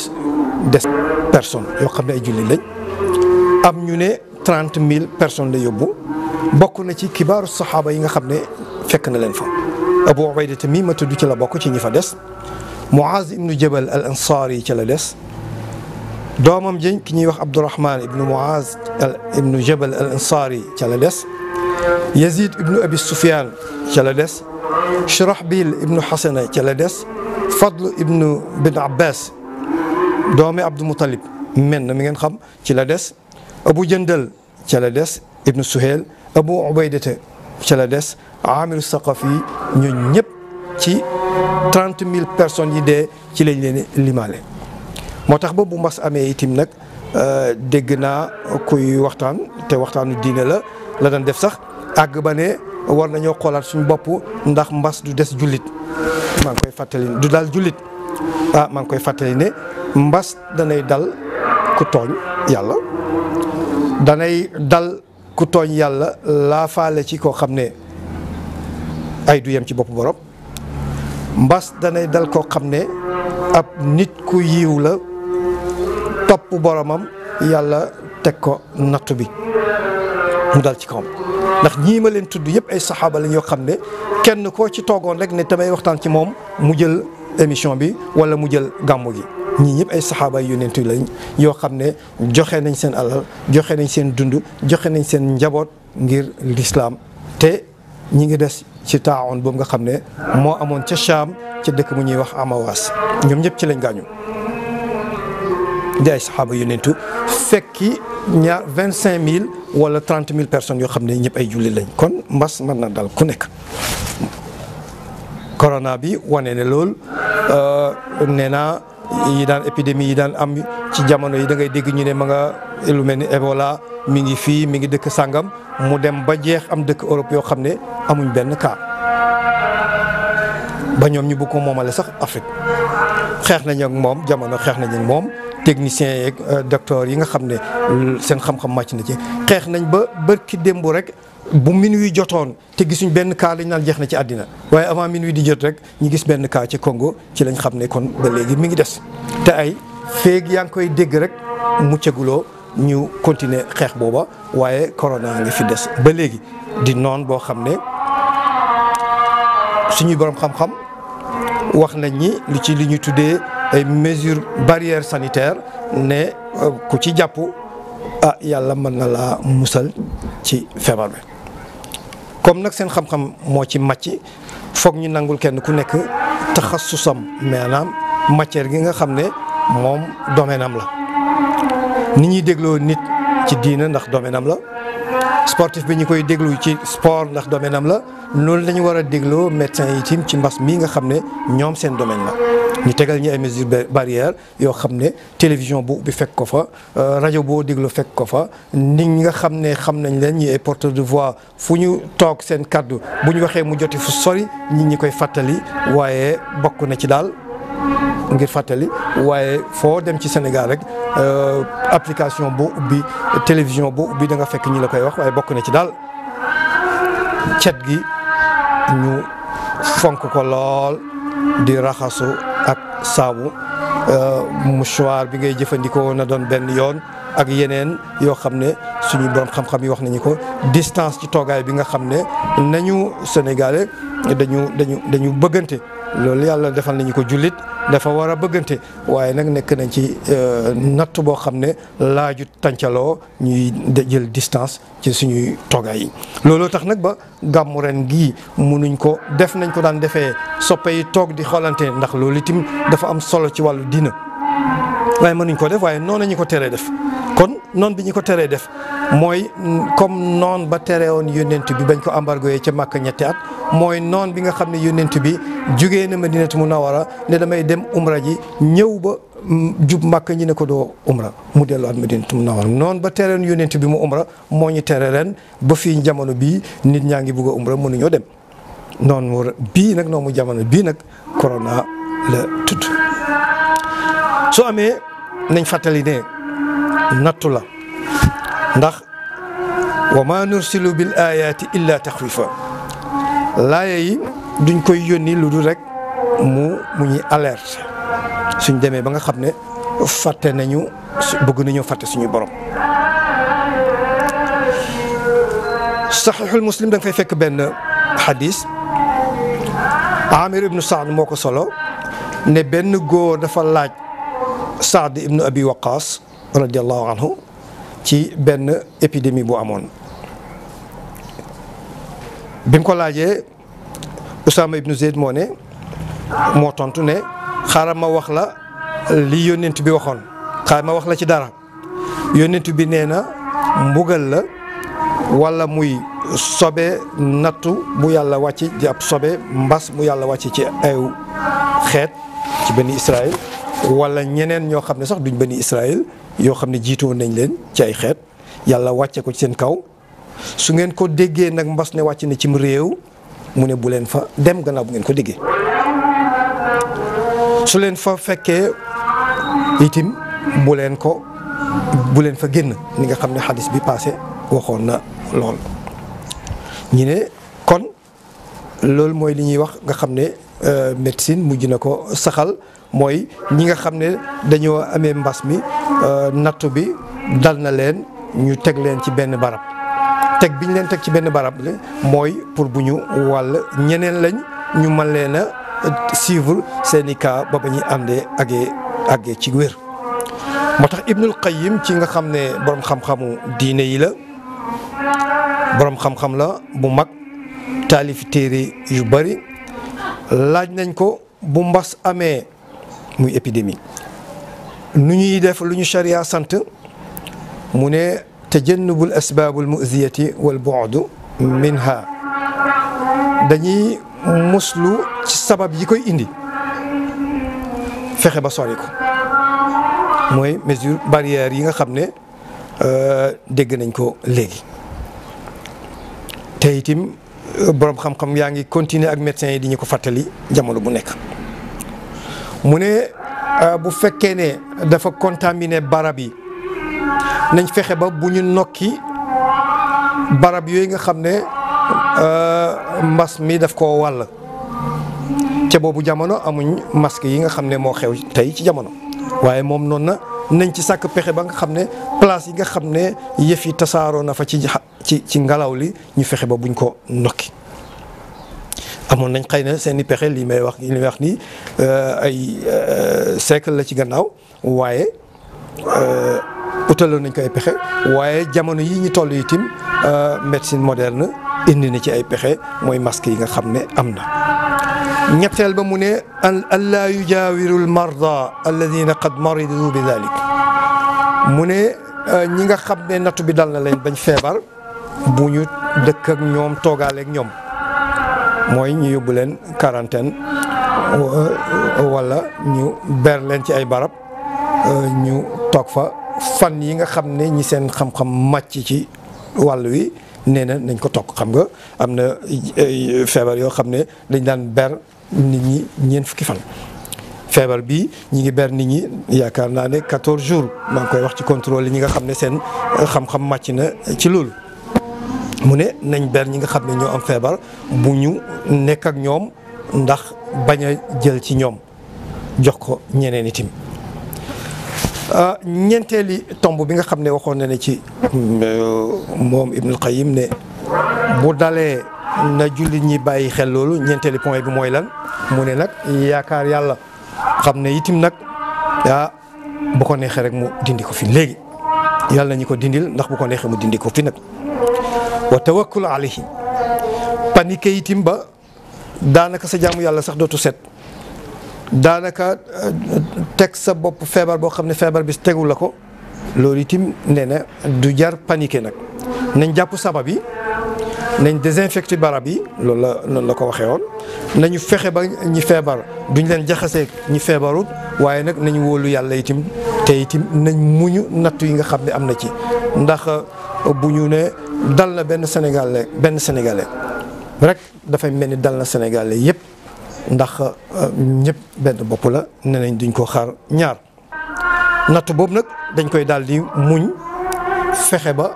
des personnes yoo xam ne ay jullit lañ am ñu ne trente mille personnes la yóbbu bokk na ci kibaaru saxaaba yi nga xam ne fekk na leen fa. Abu Ubayda mii ma du ci la bokk ci ñi fa des Muaz ibnu Jabal al Ansaari ci la des doomam jëñ ki ñuy wax Abdurahman ibnu Muaz ibnu Jabal al Ansaari ci la des Yazid ibnu Abi Sufyaan ci la des. Shurahbil ibnu Xasana ca la des Fadl ibnu bin Abbas doomi Abdou Moutalib men na mi ngeen xam ci la des Abu Jëndal ca la des ibnu Suhel Abu Ubaydata ca la des Amiru Saqafi ñun ñëpp ci trente mille personnes yi dee ci lañ leen limaale moo tax ba bu mbas amee itim nag euh, dégg naa kuy waxtaan te waxtaanu diine la la doon def sax àgg war nañoo xoolaat suñu bopp ndax mbas du des jullit maa ngi koy fàttali du daal jullit ah, maa ngi koy fàttali ne mbas danay dal ku tooñ yàlla danay dal ku tooñ yàlla laafaale ci koo xam ne ay du yem ci bopp borom mbas danay dal koo xam ne ab nit ku yiw la topp boromam yàlla teg ko nattu bi mu dal ci kawam ndax ñii ma leen tudd yëpp ay saxaaba lañ yoo xam ne kenn koo ci toogoon rek ne tamay waxtaan ci moom mu jël émission bi wala mu jël gàmmu gi ñii ñëpp ay saxaaba yu yonent lañ yoo xam ne joxe nañ seen alal joxe nañ seen dund joxe nañ seen njaboot ngir lislaam te ñi ngi des ci taawoon boobu nga xam ne moo amoon ca Shaam ca dëkk mu ñuy wax Amawaas ñoom ñëpp ci lañ gaañu. di ay saxaaba yonentu fekki ñaar vingt cinq mille wala trente mille personnes yoo xam ne ñëpp ay julli lañ kon mbas man na daal ku nekk. corona bi wane ne lool euh, nee naa yi daan épidémie yi daan am ci jamono yi da ngay dégg ñu ne ma nga lu mel ni Ebola mi ngi fii mi ngi dëkk sàngam mu dem ba jeex am dëkk Europe yoo xam ne amuñ benn cas ba ñoom ñu bëgg ko moomale sax Afrique xeex nañ ak moom jamono xeex nañ ak moom. technicien yeeg euh, docteurs yi nga xam ne seen xam-xam màcc na ci xeex nañ ba bërki démb rek bu minuit jotoon te gisuñ benn kaa lañ naan jeex na ci àddina waaye avant minuit di jot rek ñu gis benn kaa ci Congo ci lañ xam ne kon ba léegi mu ngi des te ay feeg yaa ngi koy dégg rek mu muccaguloo ñu continuer xeex booba waaye corona ngi fi des ba léegi di noon boo xam ne suñuy boroom xam-xam wax nañ ni lu ci li ñu tuddee. ay mesures barrières sanitaires ne euh, ku ci jàpp ah yàlla mën na laa musal ci feebar bi comme nag seen xam-xam moo ci màcc foog ñu nangul kenn ku nekk taxasusam maanaam matière gi nga xam ne moom domaine am la ni ñuy dégloo nit ci diina ndax domaine am la sportif bi ñu koy déglu ci sport ndax domaine am la loolu lañu war a dégloo médecin yi tim ci mbas mii nga xam ne ñoom seen domaine la ñu tegal ñu ay mesures barrières yoo xam ne télévision bu bi fekk ko fa euh, rajo boo déglu fekk ko fa nit ñi nga xam ne xam nañ leen ñi ay porte de voix fu ñu toog seen kàddu bu ñu waxee mu joti fu sori nit ñi koy fàttali waaye bokk na ci daal ngir fàttali waaye foo dem ci Sénégal rek euh, application boo ubbi télévision boo ubbi danga fekk ñi la koy wax waaye bokk na ci daal cet gi ñu fonk ko lool di raxasu ak saabu euh, mouchoir bi ngay jëfandikoo na doon benn yoon ak yeneen yoo xam ne suñu borom xam-xam yi wax nañu ko distance ci toogaay bi nga xam ne nañu sénégalais dañu dañu dañu bëggante loolu yàlla defal nañu ko jullit dafa war a bëggante waaye nag nekk nañ ci euh, natt boo xam ne laaju tàncaloo ñuy jël distance ci suñuy toogaay yi looloo tax nag ba gàmmu ren gii munuñ ko def nañ ko daan defee soppe yi toog di xoolante ndax loolu itam dafa am solo ci wàllu diina waaye mënuñ ko def waaye noonu ñu ko teree def kon noon bi ñu ko teree def mooy comme noon ba teree woon yónnent bi bañ ko embargoyee ca Màkka ñetti at mooy noon bi nga xam ne yónnent bi jugee na Madinatu Munawara ne damay dem umra ji ñëw ba jub Màkka ñi ne ko doo umra mu delluwaat Madinatu Munawara noon ba tere woon yónnent bi mu umra moo ñu tere ren ba fii jamono bii nit ñaa ngi bugg a umra mënuñoo dem noonu war bii nag noonu mu jamono bii nag corona la tudd nañ fàttali ne nattu la ndax wa ma nursilu bil ayaati illa taxwifa laaya yi duñ koy yónni lu dul rek mu mu ñuy alerte suñ demee ba nga xam ne fàtte nañu bëgg nañoo fàtte suñu borom saxiixul muslim da fay fekk benn xadiis amir ibnu saad moo ko solo ne benn góor dafa laaj Saad ibnu Abi Waqaas radiallahu anhu ci benn épidémie bu amoon bim ko laajee Usaama ibnu Zeyd moo ne moo tontu ne xaaral ma wax la li yónnent bi waxoon xaaral ma wax la ci dara yónnent bi nee na mbugal la wala muy sobe nattu bu yàlla wàcc ci ab sobe mbas mu yàlla wàcce ci ay xeet ci benn Israël wala ñeneen ñoo xam ne sax duñ bani Israël yoo xam ne jiitoon nañ leen ci ay xeet yàlla wàcce ko ci seen kaw su ngeen ko déggee nag mbas ne wàcc na cim réew mu ne bu leen fa dem gannaaw bu ngeen ko déggee su leen fa fekkee itim bu leen ko bu leen fa génn ni nga xam ne xadis bi passé waxoon na lool ñu ne kon loolu mooy li ñuy wax nga xam ne euh, médecine mujj na ko saxal mooy ñi nga xam ne dañoo amee mbas mi euh, nattu bi dal na leen ñu teg leen ci benn barab teg bi ñu leen teg ci benn barab mooy pour bu ñu wall ñeneen lañ ñu mën leen a euh, suivre seen i cas ba ba ñuy àndee agee agee ci wér. moo tax Ibnul Qayyim ci nga xam ne boroom xam-xamu diine yi la boroom xam-xam la bu mag taalifi téere yu bari laaj nañ ko bu mbas amee. muy épidémie nu ñuy def lu ñu charia sant mu ne tajannubul asbaabul mu'ziyati wal bu'du minha dañuy muslu sabab yi koy indi fexe ba sori ko mooy mesure barrière yi nga xam ne euh, dégg nañ ko léegi te itim euh, borom xam-xam yaa ngi continuer ak médecins yi dañu ko fàttali jamono bu nekk. mu ne euh, bu fekkee ne dafa contaminé barab yi nañ fexe ba bu ñu nokki barab yooyu nga xam ne euh, mbas mi daf koo wàll ca boobu jamono amuñ masque yi nga xam ne moo xew tey ci jamono waaye moom noonu na nañ ci sàkk pexe ba nga xam ne place yi nga xam ne yëf yi tasaaroo na fa ci ci ci ngelaw li ñu fexe ba buñ ko nokki amoon nañ xëy na seeni pexe lii may wax li may wax nii euh, ay euh, siècle la ci gannaaw waaye euh, utaloon nañ ko ay pexe waaye jamono yi ñu toll itim médecine moderne indi na ci ay pexe mooy masque yi nga xam ne am na ñetteel ba mu ne allaa yujaawiru l marda alladina qad maridu bi dalik mu ne ñi nga xam bi dal na leen bañ feebar bu ñu dëkk ak ñoom toogaaleeg ñoom mooy ñu yóbbu leen quarantaine euh, wala ñu ber leen ci ay barab euh, ñu toog fa fan yi nga xam ne ñi seen xam-xam màcc ci wàll wi nee na nañ ko toog xam nga am na euh, feebar yoo xam ne dañ daan ber nit ñi ñeent fukki fan. feebar bi ñi ngi ber nit ñi yaakaar naa ne 14 jours maa ngi koy wax ci contrôle yi ñi nga xam ne seen xam-xam màcc na ci loolu. mu ne nañ ber ñi nga xam ne ñoo am feebar bu ñu nekk ak ñoom ndax bañ a jël ci ñoom jox ko ñeneen itim euh, ñeenteeli tomb bi nga xam ne waxoon na ne ci euh, moom Ibnul Qayyim ne bu dalee na jullit ñi bàyyi xel loolu ñeenteeli point bi mooy lan mu ne nag yaakaar yàlla xam ne yitim nag ah bu ko neexee rek mu dindi ko fi léegi yàlla nañu ko dindil ndax bu ko neexee mu dindi ko fi nag. wa tawakkul alayhi paniqué itim ba daanaka sa jàmm yàlla sax dootu set daanaka euh, teg sa bopp feebar boo xam ne feebar bi tegu la ko loolu itim nee na du jar paniqué nag nañ jàpp sabab yi nañ désinfecté barab yi loolu la noonu la ko waxee woon nañu fexe ba ñi feebar duñ leen jaxasee ñi feebarut waaye nag nañu wóolu yàlla itim tey itim nañ muñu natt yi nga xam ne am na ci ndax euh, bu ñu ne dal na benn sénégalais benn sénégalais rek dafay mel ni dal na sénégalais yépp ndax euh, ñépp benn bopp la ne nañ duñ ko xaar ñaar natt boobu nag dañ koy daal di muñ fexe ba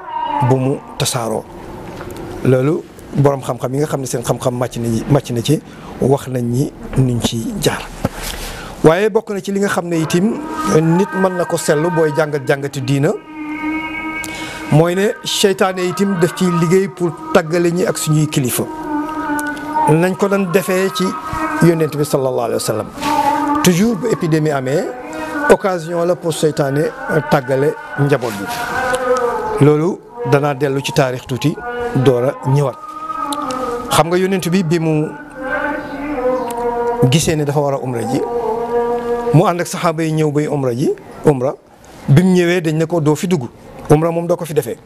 bu mu tasaaroo loolu boroom xam-xam yi nga xam ne seen xam-xam màcc na ci wax nañ ñi nuñ ci jaar waaye bokk na ci li nga xam ne itim nit mën na ko sellu booy jàngat jàngati diina mooy ne seytaane itam def ci liggéey pour tàggale ñi ak suñuy kilifa nañ ko doon defee ci yonent bi sallallahu alayhi toujours bu épidémie amee occasion la pour seytaane tàggale njaboot bi loolu danaa dellu ci taarix tuuti door a ñëwaat xam nga yonent bi bi mu gisee ni dafa war a umra ji mu ànd ak saxaaba yi ñëw bay umra ji umra bi mu ñëwee dañ ne ko doo fi dugg umra moom doo ko fi defee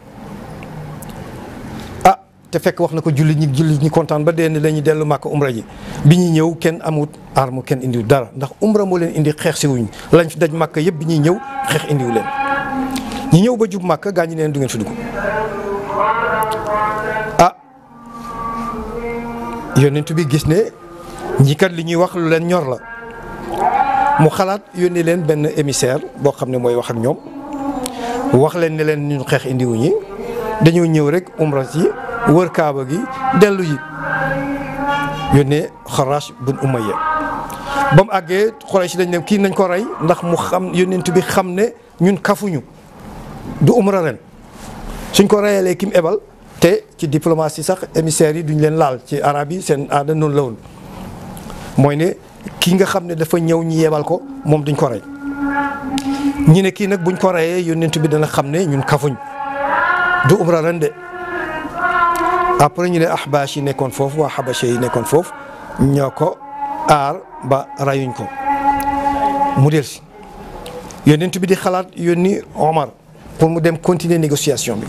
a ah, te fekk wax na ko jullit ñi jullit ñi kontaan ba dee ni la ñuy dellu màkk umra ji bi ñuy ñëw kenn amut arme kenn indiwul dara ndax umra moo leen indi xeex si wuñ lañ fi daj màkk yëpp bi ñuy ñëw xeex indiwu leen ñu ñëw ba jub màkk gaa ñu neen du ngeen fi dugg ah yonent bi gis ne ñi kat li ñuy wax lu leen ñor la mu xalaat yónnee leen benn émissaire boo xam ne mooy wax ak ñoom. wax leen ne leen ñun xeex indiwu ñi dañoo ñëw rek umra si wër kaaba gi dellu yi yónnee Xaraas bun Umayya ba mu àggee Quraysh dañ ne kii nañ ko rey ndax mu xam yónnent bi xam ne ñun kafuñu du umra ren suñ ko reyalee kim ebal te ci diplomatie sax émissaires yi duñ leen laal ci arab yi seen aada noonu la woon mooy ne ki nga xam ne dafa ñëw ñi yebal ko moom duñ ko rey ñu ne kii nag buñ ko rayee yónneent bi dana xam ne ñun kafuñ du umra ren de après ñu ne ahbash yi nekkoon foofu waa xabashe yi nekkoon foofu ñoo ko aar ba rayuñ ko mu del si yónneent bi di xalaat yónni Omar pour mu dem continuer négociation bi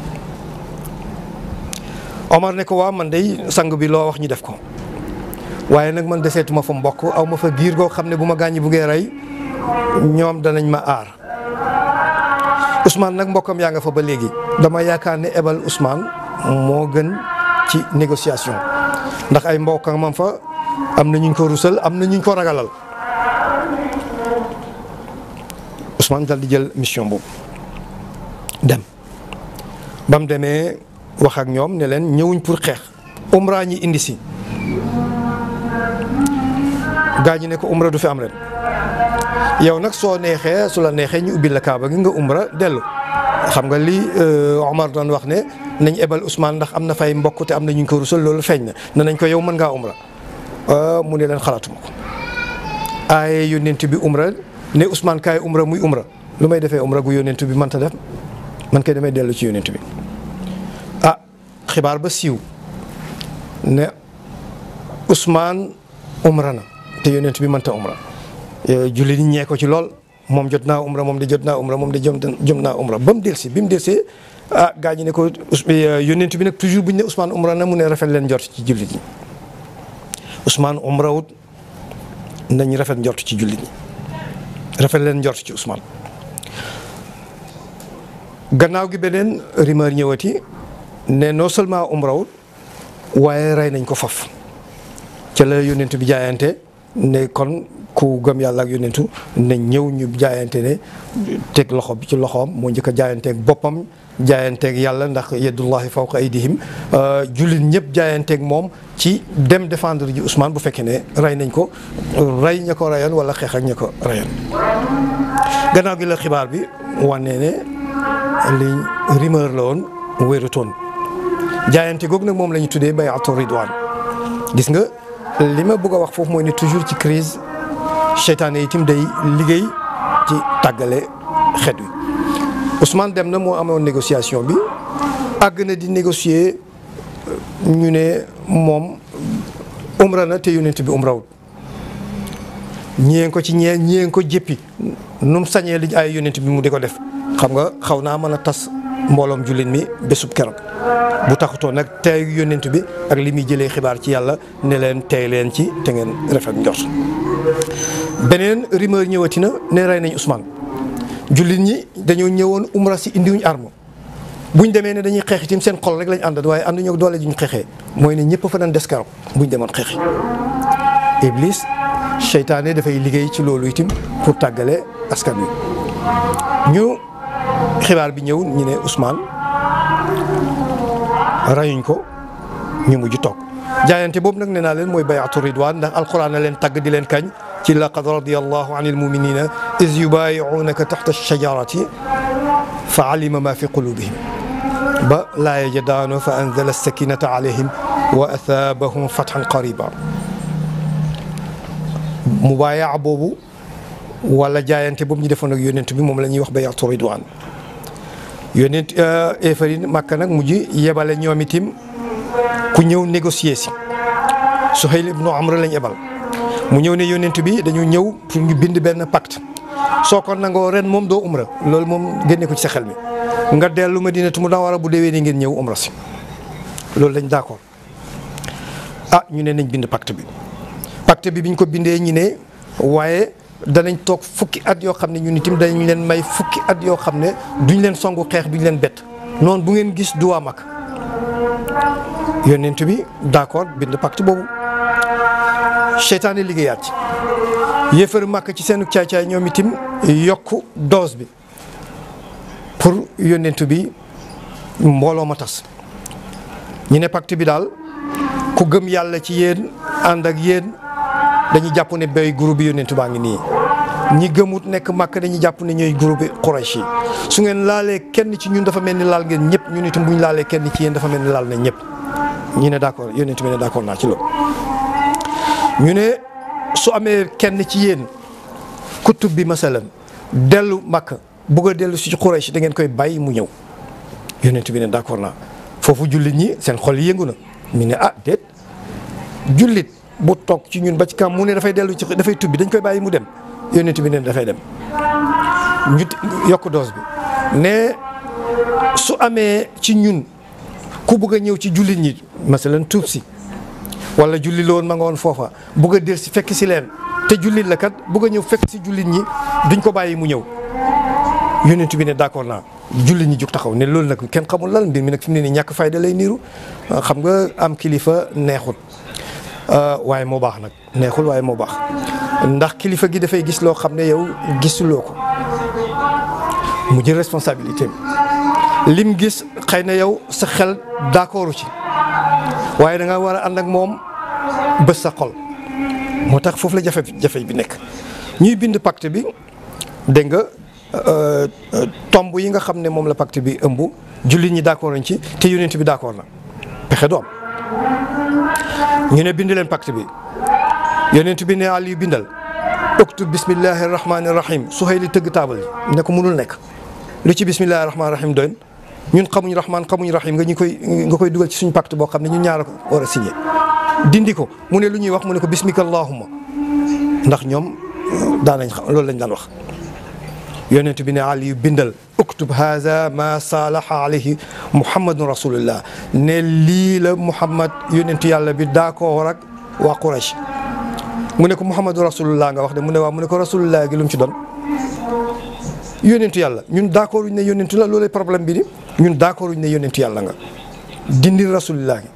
Omar ne ko waa man day sangu bi loo wax ñu def ko waaye nag man deseetuma fa mbokk aw ma fa giir goo xam ne bu ma gaañi buggee rey ñoom danañ ma aar Ousmane nag mbokkam yaa nga fa ba léegi damay yaakaar ne ebal usmaan moo gën ci négociation ndax ay mbokkam am fa am na ñu ko rusal am na ñu ko ragalal Ousmane dal di jël mission boobu dem bam demee wax ñoom ne leen ñëwuñ pour xeex umra ñi indi si gaa ñi ne ko umra du fi am ren yow nag soo neexee su la neexee ñu ubbil la kaaba gi nga umra dellu xam nga li euh, Omar doon wax ne nañ ebal usmaan ndax am na fay mbokk te am na ñu ko rusal loolu feeñ na nañ ko yow mën ngaa umra euh, mu ne leen xalaatuma ko aaye yónent bi umra ne Ousmane kaay umra muy umra lu may defee umra gu yónent bi mënta def man kay demee dellu ci yónent bi ah xibaar ba siiw ne Ousmane umra na te yónent bi mënta umra Eh, julli di ñee ko ci lool moom jot naa umra moom di jot naa umra moom di jom jom naa umra ba mu delsi bi mu delsee ah gaa ñi ne ko eh, yónneent bi nag toujours bu ñu ne Ousmane umra na mu ne rafet leen njort ci jullit ñi Ousmane rafet njort ci jullit leen njort ci Ousmane. gannaaw gi beneen rumeur ñëwati ne non seulement umra wut waaye rey nañ ko faf ca la yónneent bi jaayante ne kon ku gëm yàlla ak yonentu ne ñëw ñu jaayante ne teg loxo bi ci loxoom moo njëkk a jaayanteeg boppam jaayanteeg yàlla ndax yadullahi fawqa aydihim euh, jullit ñëpp jaayanteeg moom ci dem defendre ji Ousmane bu fekkee ne rey nañ ko rey ña ko reyoon wala xeex ak ña ko reyoon gannaaw gi la xibaar bi wane ne li rumeur la woon wéerutoon jaayante googu nag moom la ñu tuddee bayatu ridwan gis nga li ma bëgg wax foofu mooy ne toujours ci crise seytaane itam day liggéey ci tàggale xet yi Ousmane dem na moo amoon négociation bi àgg na di négocier euh, ñu ne moom umra na te yonent bi umrawul ñeen ko ci ñee ñeen ko jëppi nu mu sañee li ay yonent bi mu di ko def xam nga xaw naa mën a tas mbooloom jullit mi bésub keroog bu taxutoo nag tey yónnent bi ak li muy jëlee xibaar ci yàlla ne leen tey leen ci te ngeen rafet njort beneen rumeur ñëwati na ne rey nañ Ousmane jullit ñi dañoo ñëwoon umra si indiwuñ armo buñ demee ne dañuy xeex itam seen xol rek lañ àndat waaye ànduñu ak doole juñ xeexee mooy ne ñëpp fa nañ des keroog buñ demoon xeex Iblis seytaane dafay liggéey ci loolu itam pour tàggale askan wi xibaar bi ñëw ñu ne Ousmane rayuñ ko ñu mujj toog jaayante boobu nag nee naa leen mooy bayaatu ridwaan ndax alquran na leen tagg di leen kañ ci laqad radiyallahu anil muminina iz yubayi'unaka taxta shajarati fa alima ma fi qulubihim ba laaya ja daano fa anzala sakinata alayhim wa athaabahum fathan qariba mubaayaa boobu wala jaayante boobu ñu defoon ak yonent bi moom la ñuy wax bayaatu ridwaan yonent euh, éefar yi Makka nag mujj yebale ñoom itim ku ñëw négocier si Suhayl ibnu Amr lañ yebal mu ñëw ne yonent bi dañu ñëw pour ñu bind benn pact soo kon nangoo ren moom doo umra loolu moom génnee ko ci sa xel mi nga dellu Madinatu Munawwara bu déwee ni ngeen ñëw umra si loolu lañ d'accord ah ñu ne nañ bind pacte bi pacte bi biñ ko bindee ñi ne waaye danañ toog fukki at yoo xam ne ñun itam danañ leen may fukki at yoo xam ne duñ leen songu xeex ñu leen bett noonu bu ngeen gis duwaa mag yonent bi d'accord bind pacte boobu seytaane liggéeyaat ci makk ci seen caay-caay ñoom itam yokk doos bi pour yonent bi mbooloo ma tas ñu ne pacte bi daal ku gëm yàlla ci yéen ànd ak yéen dañuy jàpp ne béy groupe yonent baa ngi nii ñi gëmut nekk màkk dañuy jàpp ne ñooy groupe Quraysh su ngeen laalee kenn ci ñun dafa mel ni laal ngeen ñëpp ñun itam bu ñu laalee kenn ci yéen dafa mel laal na ñëpp ñu ne d'accord yonent bi ne d'accord naa ci loolu. ñu ne su amee kenn ci yéen kutub bi masalan dellu màkk bëgg dellu si ci Quraysh da ngeen koy bàyyi mu ñëw yonent bi ne d'accord naa foofu jullit ñi seen xol yëngu na ñu ne ah déet jullit. bu toog ci ñun ba ci kam mu ne dafay dellu ci dafay bi dañ koy bàyyi mu dem yonent bi ne dafay dem ñu yokk dose bi ne su amee ci ñun ku bugg a ñëw ci jullit ñi masalan tuub si wala julli la ma nga woon foofa bugg a del si fekk si leen te jullit la kat bugg a ñëw fekk si jullit ñi duñ ko bàyyi mu ñëw yonent bi ne d'accord naa jullit ñi jug taxaw ne loolu nag kenn xamul lan mbir mi nag fi mu ne nii ñàkk fayda lay niiru xam nga am kilifa neexut Euh, waaye moo baax nag neexul waaye moo baax ndax kilifa gi dafay gis loo xam ne yow gisuloo ko mu jël responsabilité lim gis xëy na yow sa xel d'accord ci waaye da nga war a ànd ak moom bés sa xol moo tax foofu la jafe jafe bi nekk ñuy bind pacte bi dégg nga euh, euh, tomb yi nga xam ne moom la pacte bi ëmb jullit ñi d'accord nañ ci te yonent bi d'accord na pexe doom ñu ne bind leen pacte bi yonent bi ne Aliou bindal uktub bismillahi rahmaani rahim Suhayli tëgg taabal yi ne ko mënul nekk lu ci bismillahi rahmaani rahim doon ñun xamuñ rahmaan xamuñ rahim nga ñu koy nga koy dugal ci suñu pacte boo xam ne ñun ñaar ko war a signé dindi ko mu ne lu ñuy wax mu ne ko bismika allahumma ndax ñoom daan nañ loolu lañ daan wax. yonent bi ne Aliyu bindal uktub haza ma salaha alayhi muhammadun rasulullah ne lii la muhammad yonentu yàlla bi d'accord ak waa Quraysh mu ne ko muhammadun rasulullah nga wax de mu ne waaw mu ne ko rasulullah gi lu mu ci doon yonentu yàlla ñun d'accord uñ ne yonentu la problème bi ni ñun d'accord uñ ne yonentu yàlla nga dindi rasulullah gi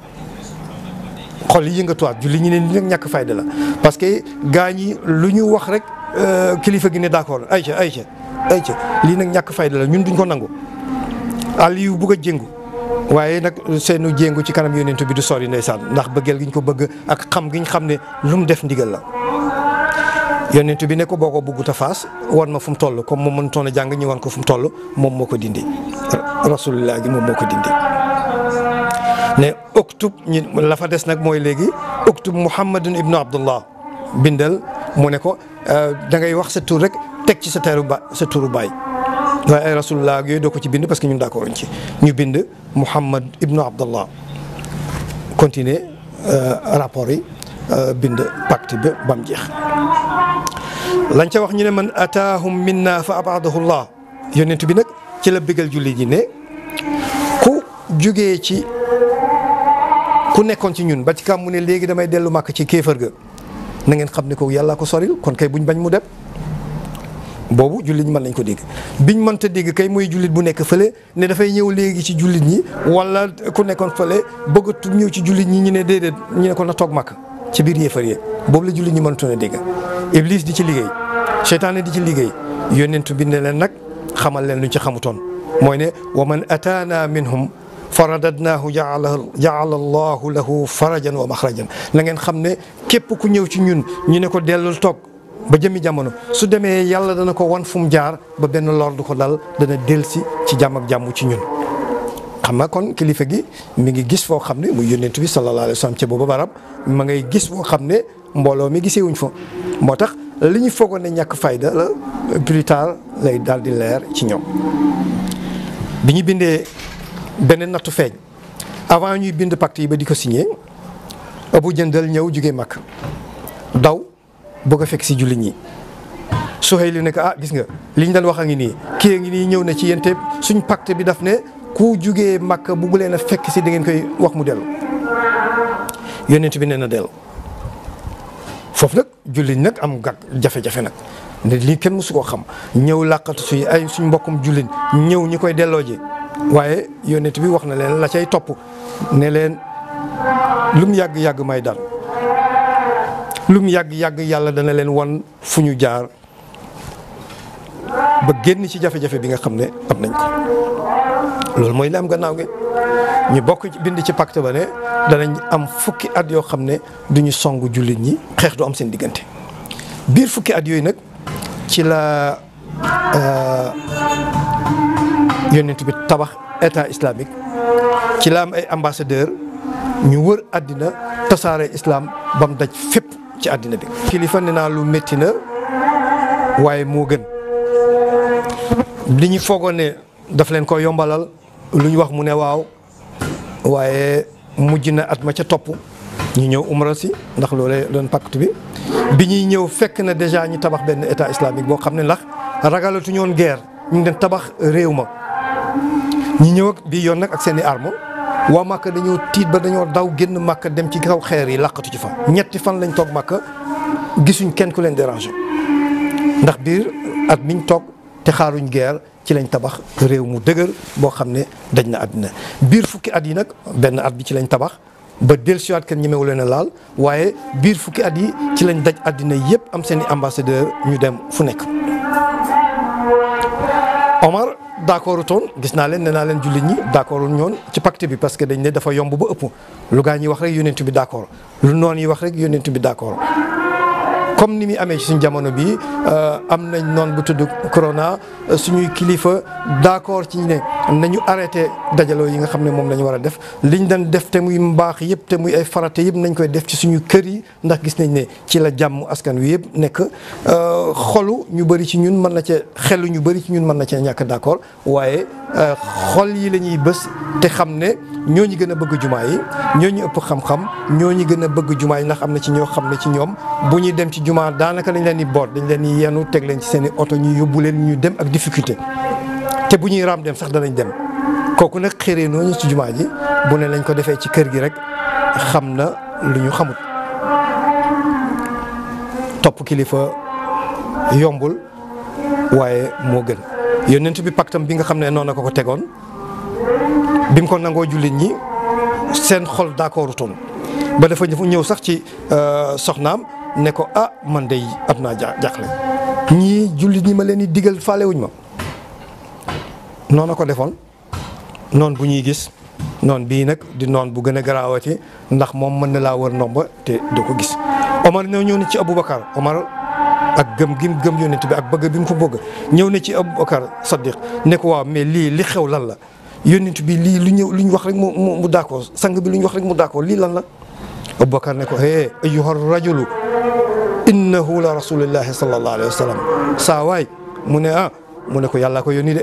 xol yi yëngatuwaat julli ñu ne ni nag ñàkk la parce que gaa ñi lu ñu wax rek euh, kilifa gi ne d'accord ayca ayca ay ca lii nag ñàkk fayda la ñun duñ ko nangu Aliou bugg a jéngu waaye nag seenu jéngu ci kanam yonent bi du sori ndeysaan ndax bëggeel giñ ko bëgg ak xam gi ñu xam ne lu mu def ndigal la yonent bi ne ko boo ko bugg tafaas wan ma fu mu toll comme moom mënutoon a jàng ñu wan ko fu mu toll moom moo ko dindi rasulullah gi moom moo ko dindi ne uktub ñi des nag mooy léegi uktub muhammadun ibnu abdullah bindal mu ne ko euh, da ngay wax sa tuur rek teg ci sa teeru ba sa turu baay waaye ay rasulullah yooyu doo ko ci bind parce que ñun d'accord ci ñu bind Muhammad ibnu Abdallah continuer euh, rapport yi euh, bind pacte bi bam jeex lañ ca wax ñu ne man ataahum minna fa abadahu llah yonent bi nag ci la bégal julli ji ne ku jugee ci ku nekkoon ci ñun ba kam mu ne léegi damay dellu màkk ci kéefër na ngeen xam ne ko yàllaa ko soril kon kay buñ bañ mu dem boobu jullit ñi mën nañ ko dégg biñ mënta dégg kay mooy jullit bu nekk fële ne dafay ñëw léegi ci jullit ñi wala ku nekkoon fële bëggatu ñëw ci jullit ñi ñu ne déedéet ñu ne na toog màkk ci biir yéefar yi boobu la jullit ñi mënatoon a dégg iblis di ci liggéey seytaane di ci liggéey yónneent bi ne leen nag xamal leen lu ci xamutoon mooy ne wa man ataana minhum faradadnaahu jaala allahu lahu farajan wa maxrajan na ngeen xam ne képp ku ñëw ci ñun ñu ne ko dellul toog ba jëmmi jamono su demee yàlla dana ko wan fu mu jaar ba benn lor du ko dal dana delsi ci jàmm ak ci ñun xam nga kon kilifa gi mu ngi gis foo xam ne muy yónneent bi sallallahu alayhi wa sallam ca booba barab ma ngay gis foo xam ne mbooloo mi gisee wuñ fa moo tax li ñu foogoon ne ñàkk fayda la plus tard lay daal di leer ci ñoom bi ñu bindee beneen nattu feeñ avant ñuy bind pacte yi ba di ko signé Abu Jëndal ñëw jugee mag daw bëgg a fekk si julli ñi Suhayl li ne ko ah gis nga li ñu doon wax a ngi nii kii a ngi nii ñëw na ci yéen suñ pacte bi daf ne ku jugee mag bugg leen a fekk si da ngeen koy wax mu dellu yonent bi nee na dellu foofu nag julli nag am gàtt jafe-jafe nag ne lii kenn mësu koo xam ñëw làqatu suy ay suñ mbokkum julli ñëw ñu koy dellooji waaye yonent bi wax na leen la cay topp ne leen lum yàgg yàgg may daal lum yàgg yàgg yàlla dana leen wan fu ñu jaar ba génn ci jafe-jafe bi nga xam ne am nañ ko loolu mooy li am gannaaw gi ñu bokk bind ci pacte ba ne danañ am fukki at yoo xam ne duñu songu jullit ñi xeex du am seen diggante biir fukki at yooyu nag ci la. Euh, yonent bi tabax état islamique ci la am ay ambassadeur ñu wër àddina tasaare islaam ba mu daj fépp ci àddina bi. kilifa nee naa lu métti na waaye moo gën li ñu foogoon daf leen ko yombalal lu ñu wax mu ne waaw waaye mujj na at ma ca topp ñu ñëw umra si ndax loole doon pacte bi bi ñuy ñëw fekk na dèjà ñu tabax benn état islamique boo xam ne ndax ragalatuñu woon guerre ñu ngi tabax réew ma. ñi ñëw ak bii yoon nag ak seeni armo arme waa Màkka dañoo tiit ba dañoo daw génn Màkka dem ci kaw xeer yi làqatu ci fa ñetti fan lañ toog Màkka gisuñ kenn ku leen déranger ndax biir at miñ toog te xaaruñ guerre ci lañ tabax réew mu dëgër boo xam ne daj na àddina biir fukki at yi nag benn at bi ci lañ tabax ba dellusiwaat kenn ñemewu leen laal waaye biir fukki at yi ci lañ daj àddina yépp am seeni i ambassadeur ñu dem fu nekk Omar d' accord toon gis naa leen nee leen jullit ñi d' accord ñoon ci pacte bi parce que dañ ne dafa yomb ba ëpp lu gaa ñi wax rek yonent bi d' accord lu noon yi wax rek yonent bi d' accord comme ni muy amee ci suñ jamono bi euh, am nañ noon bu tudd corona euh, suñuy kilifa d'accord ci ne nañu arrêté dajaloo yi nga xam ne moom la ñu war a def liñ doon def te muy mbaax yëpp te muy ay farate yëpp nañ koy def ci suñu kër yi ndax gis nañ ne ci la jàmm askan wi yëpp nekk euh, xolu ñu bëri ci ñun mën na cee xelu ñu bëri ci ñun mën na cee ñàkk d'accord waaye xol yi lañuy bés te xam ne ñoo ñu gën a bëgg jumaa yi ñoo ñu ëpp xam-xam ñoo ñu gën a bëgg jumaa yi ndax am na ci ñoo xam ne ci ñoom ci jumaa daanaka dañ leen di boot dañ leen di yenu teg leen ci seeni oto ñu yóbbu leen ñu dem ak difficulté te bu ñuy raam dem sax danañ dem kooku nag xëree nooñu ci jumaa ji bu ne lañ ko defee ci kër gi rek xam na lu ñu xamut topp kilifa yombul waaye moo gën yonent bi pactam bi nga xam ne noonu la ko ko tegoon bi mu ko nangoo jullit ñi seen xol d'accordutoon ba dafa ñëw sax ci euh, soxnaam ne ko ah man de am naa jaaxle ñii jullit ñi ma leen di digal faalewuñ ma noona ko defoon noon bu ñuy gis noon bii nag di noon bu gën a garaawati ndax moom mën na laa wër nomba te du ko gis Omar ñëw ñëw na ci Aboubacar Omar ak gëm gim gëm yonent bi ak bëgg bi mu ko bëgg ñëw na ci Aboubacar Saddiq ne ko waaw mais lii li xew lan la yonent bi lii lu ñëw lu ñu wax rek mu mu d'accord sang bi lu ñu wax rek mu d'accord lii lan la. Aboubacar ne ko hee ayyuha rajulu innahu la rasulillahi sallallahu alayhi wa sallam saa waay mu ne ah mu ne ko yàllaa ko yónni de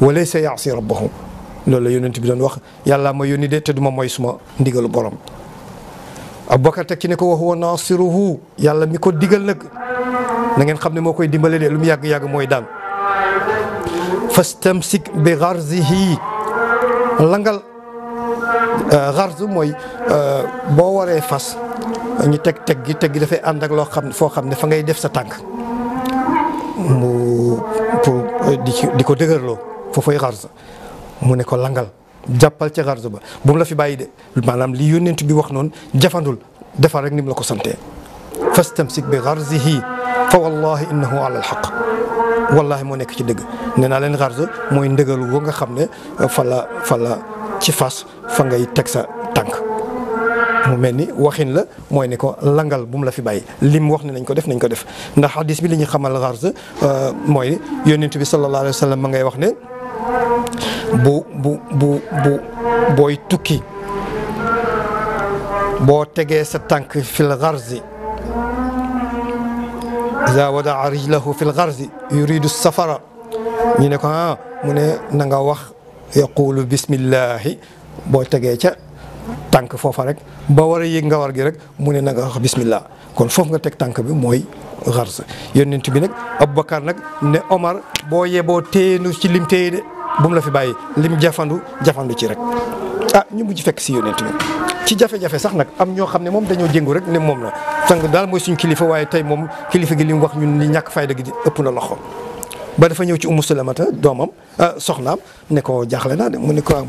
walaysa yaasi rabbahu loolu la yónent bi doon wax yàllaa ma yónni de te duma moy suma ndigalu borom Aboubacar teg ci ne ko wa huwa naasiruhu yàlla mi ko digal nag na ngeen xam ne moo koy dimbale de lu mu yàgg yàgg mooy daan fastamsik bi garzihi langal Euh, xarsu mooy euh, boo waree fas ñu teg teg gi teg gi dafay ànd loo xam ne foo xam ne fa ngay def sa tànk mu pour di di ko dëgërloo foofay xarsu mu ne ko langal jàppal ca xarsu ba bu mu la fi bàyyi de maanaam li yónneent bi wax noon jafandul defar rek ni mu la ko santee fastamsik bi xarsihi fa wallahi innahu ala alxaq wallahi moo nekk ci dëgg nee naa leen xarsu mooy ndëgal woo nga xam ne fala la ci fas fa ngay teg sa tànk mu mel ni waxin la mooy ni ko langal bu la fi bàyyi lim wax ne nañ ko def nañ ko def ndax hadis bi li xam xamal xarsa euh, mooy yonent bi sallallahu alayhi wa sallam ma ngay wax ne bu bu bu bu booy tukki boo tegee sa tànk fil xarsi iza wadaa rijlahu fil xarsi yuridu safara ñu ne ko ah mu ne na wax yaqulu bismillahi boo tegee ca tànk foofa rek ba war a yëg nga war gi rek mu ne na nga ah, bismillah kon foofu nga teg tànk bi mooy xars yonent bi nag Aboubacar nag ne Omar boo yeboo téyenu ci lim téye de bu mu la fi bàyyi lim jafandu jafandu ci rek ah ñu mujj fekk si yonent bi ci jafe-jafe sax nag am ñoo xam ne moom dañoo jëngu rek ne moom la sang daal mooy suñ kilifa waaye tey moom kilifa gi li mu wax ñu li ñàkk fayda gi ëpp na loxo ba dafa ñëw ci umu sulamata doomam euh, soxnaam ne ko jaaxle naa de mu ne ko ah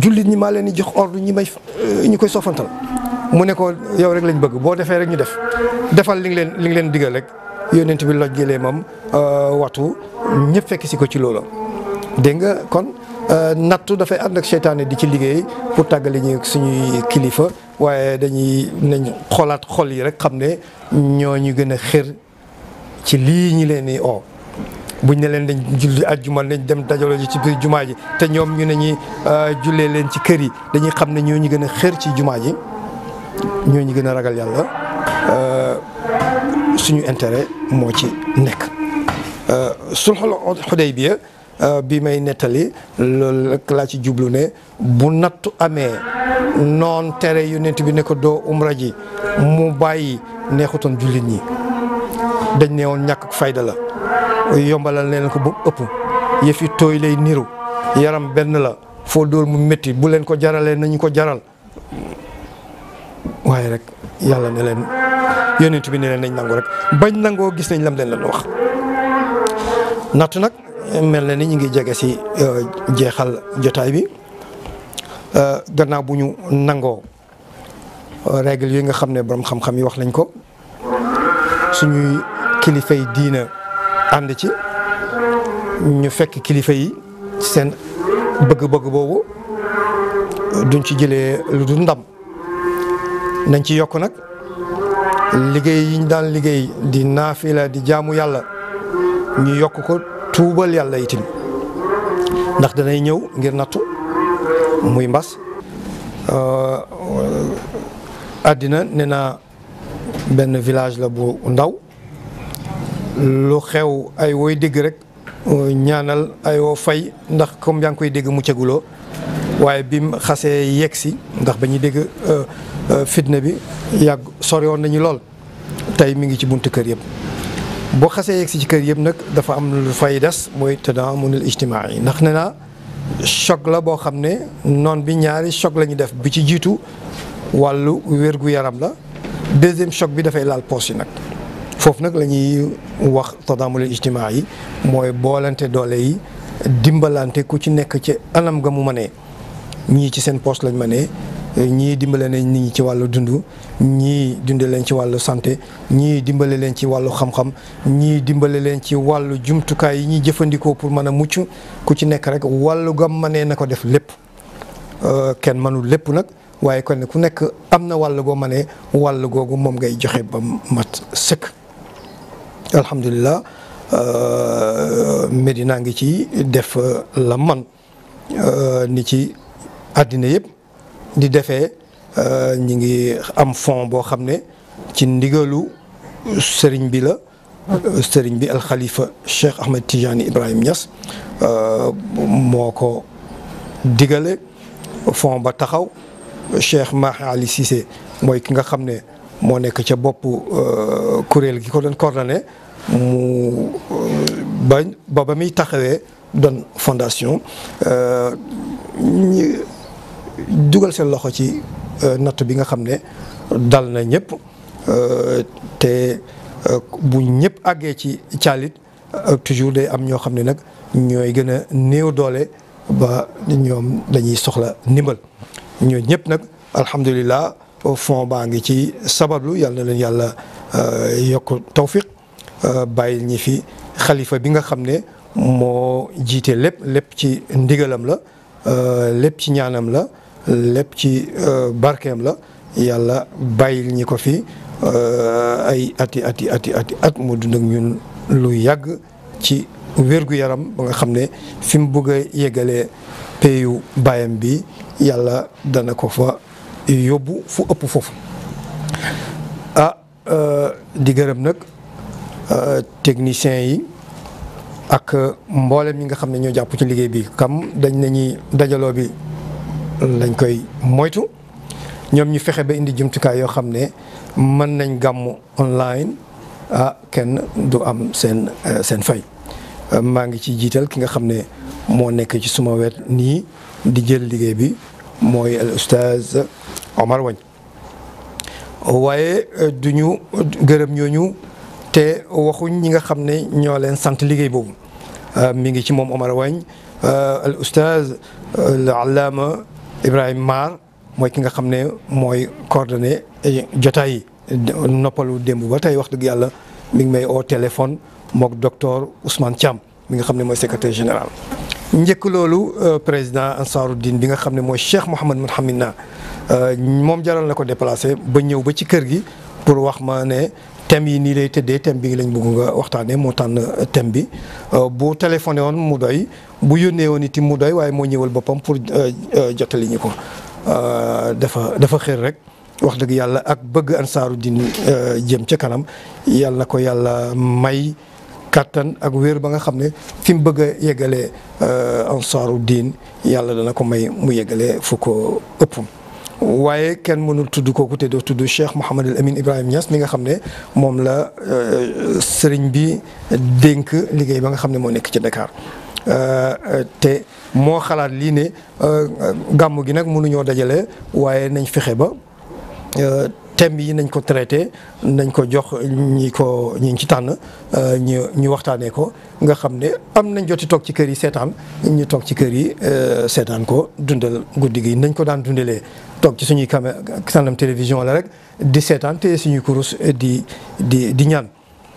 jullit ñi maa leen di jox ordre ñi may euh, ñi koy sofantal mu ne ko yow rek lañ bëgg boo defee rek ñu def defal li nga leen li nga leen digal rek yónent bi loj gëlee moom euh, watu ñëpp fekk si ko ci loolu dégg nga kon nattu dafay ànd ak seytaane di ci liggéey pour tàggale ñu suñuy kilifa waaye dañuy nañ xoolaat xol yi rek xam ne ñoo ñu gën a xër ci lii ñi leen di oo buñ ne leen dañ julli ajjuma nañ dem dajaloo ji ci biir jumaa ji te ñoom ñu ne ñi euh, jullee leen ci kër yi dañuy xam ne ñoo ñu gën a xër ci jumaa ji ñoo ñu gën a ragal yàlla euh, suñu intérêt moo ci nekk. Euh, sulxul Xudaybiya bi bi may nettali loolu laa ci jublu ne bu nattu amee noon tere yonent bi ne ko doo umra ji mu bàyyi neexutoon jullit ñi. dañ ne woon ñàkk fayda la yombalal leen ko bu ëpp yëfi tooy lay niru yaram benn la foo dóor mu metti bu leen ko jaralee nañu ko jaral waaye rek yàlla ne leen yonent bi ne leen nañ nangu rek bañ nangoo gis nañ lam leen lan wax natt nag mel na ni ñu ngi jege si euh, jeexal jotaay bi euh, gannaaw bu ñu nangoo euh, règle yi nga xam ne borom xam-xam yi wax nañ ko suñuy kilifa yi diina ànd ci ñu fekk kilifa yi seen bëgg-bëgg boobu duñ ci jële lu dul ndam nañ ci yokk nag liggéey yiñ daan liggéey di naafila di jaamu yàlla ñu yokk ko tuubal yàlla itam ndax danay ñëw ngir nattu muy mbas àddina ne benn village la bu ndaw lu xew ay woy dégg rek ñaanal ay woo fay ndax comme yaa ngi koy dégg muccaguloo waaye bi xasee yegg si ndax ba ñuy dégg euh, euh, fitna bi yàgg sori woon nañu lool tey mu ngi ci buntu kër yëpp boo xasee yegg si ci kër yëpp nag dafa am lu fay des mooy tadaamunul ijtimaa yi ndax nee naa choc la boo xam ne noon bi ñaari choc la ñu def bi ci jiitu wàllu wér gu yaram la deuxième choc bi dafay laal poos yi nag foofu nag la ñuy wax tadaamul ijtimaa yi mooy boolante doole yi dimbalante ku ci nekk ci anam ga mu mënee ñii ci seen poste lañ ne ñii dimbale nañ nit ñi ci wàllu dund ñii dundee leen ci wàllu santé ñii dimbale leen ci wàllu xam-xam ñii dimbale leen ci wàllu jumtukaay yi ñuy jëfandikoo pour mën a mucc ku ci nekk rek wàllu gam mënee na ko def lépp euh, kenn mënul lépp nag waaye kon ku nekk am na wàll goo mënee wàll googu moom ngay joxe ba mat sëkk alhamdulilah euh, Medina ngi ci def euh, laman man euh, ni ci àddina yëpp di defee ñi ngi am fond boo xam ne ci ndigalu sëriñ bi la sëriñ bi alxalifa Cheikh Ahmed Tijani Ibrahim Niass moo ko digale fond ba taxaw Cheikh Mahi Ali Cissé mooy ki nga xam ne moo nekk ca bopp kuréel gi ko doon coordonné mu euh, ba ba ba muy taxawee doon fondation euh, ñu dugal seen loxo ci euh, natt bi nga xam ne dal na ñëpp te bu ñëpp àggee ci caalit toujours day am ñoo xam ne nag ñooy gën a néew doole ba ñoom dañuy soxla ndimbal ñoo ñëpp nag alhamdulilah fond baa ngi ci sabablu yàlla na leen yàlla yokk tawfiq Euh, bàyyil ñi fi xalifa bi nga xam ne moo jiite lépp lépp ci ndigalam la euh, lépp ci ñaanam la lépp ci euh, barkeem la yàlla bàyyil ñi ko fi ay ati ati ati at mu dund ñun lu yàgg ci wérgu yaram ba nga xam ne fi mu bëgg a yeggalee peyu bi yàlla dana ko fa yóbbu fu ëpp foofu ah di gërëm nag techniciens yi ak mboolem ñi nga xam ne ñoo jàpp ci liggéey bi kam dañ nañuy dajaloo bi lañ koy moytu ñoom ñu fexe ba indi jumtukaay yoo xam ne mën nañ gàmmu online ah kenn du am seen euh, seen fay maa ngi ci jiital ki nga xam ne moo nekk ci suma wet nii di jël liggéey bi mooy al oustaz Omar Wagne waaye euh, duñu gërëm ñooñu te waxuñ ñi nga xam ne ñoo leen sant liggéey boobu euh, mi ngi ci moom Omar Wagne euh, al oustaz euh, al allaama Ibrahima Maar mooy ki nga xam ne mooy coordonné jotaay yi noppalu démb ba tey wax dëgg yàlla mi ngi may oo téléphone mook docteur Ousmane Thiam mi nga xam ne mooy secrétaire général. njëkk loolu président Ansaruddin bi nga xam ne mooy Cheikh Mouhamed Mounhamina moom jaral la ko déplacé ba ñëw ba ci kër gi pour wax ma ne. thème yi nii lay tëddee thème bi lañ bëgg nga waxtaanee moo tànn euh, thème bi euh, bu téléphoné woon mu doy bu yónnee woon itam mu doy waaye moo ñëwal boppam pour euh, jottali ñu ko dafa dafa xër rek. wax dëgg yàlla ak bëgg ansaaru din jëm ca kanam yàlla na ko yàlla may kàttan ak wéer ba nga xam ne fi mu bëgg a yeggalee ansaaru diin yàlla dana ko may mu yeggalee fu ko ëpp. waaye kenn mënul tudd kooku te doo tudd Cheikh Mouhamadul Amine ibrahim Niass mi nga xam ne moom la euh, sëriñ bi dénk liggéey ba nga xam ne moo nekk ci Dakar euh, euh, te moo xalaat lii ne gàmm gi nag mënuñoo dajale waaye nañ fexe ba. thème yi nañ ko traité nañ ko jox ñi ko ñi ci tànn euh, ñu ñu waxtaanee ko nga xam ne am nañ joti toog ci kër yi seetaan ñu toog ci kër yi euh, seetaan ko dundal guddi gi nañ ko daan dundalee toog ci suñuy caméra kanam télévision la rek di seetaan te suñuy kurus di di di ñaan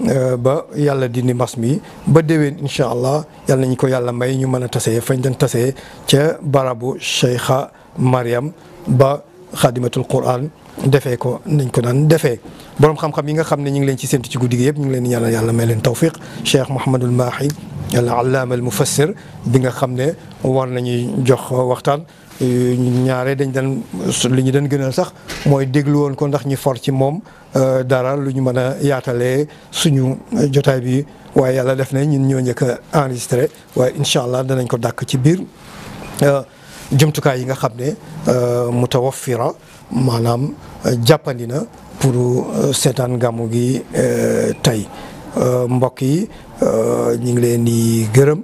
euh, ba yàlla dindi mbas mi ba déwéen incha allah yàlla nañ ko yàlla may ñu mën a tasee fañ dañ tasee ca barabu Cheikha mariyam ba xadimatul Quran defee ko nañ ko naan defee borom xam-xam yi nga xam ne ñu ngi leen ci séntu ci guddi gi yëpp ñu ngi leen di ñaanal yàlla may leen tawfiq Cheikh Mouhamadul Mahi yàlla allaama al mufassir bi nga xam ne war nañuy jox waxtaan. ñaare dañ daan li ñu daan gënal sax mooy déglu ko ndax ñu for ci moom euh, dara lu ñu mën a yaatalee suñu jotaay bi waaye yàlla def na ñun ñoo njëkk a enregistré waaye incha allah danañ ko dàkk ci biir euh, jumtukaay yi nga xam ne euh, mutawaffira maanaam euh, jàppandi na pour euh, seetaan gàmmu gi euh, tey mbokk yi ñu ngi leen di gërëm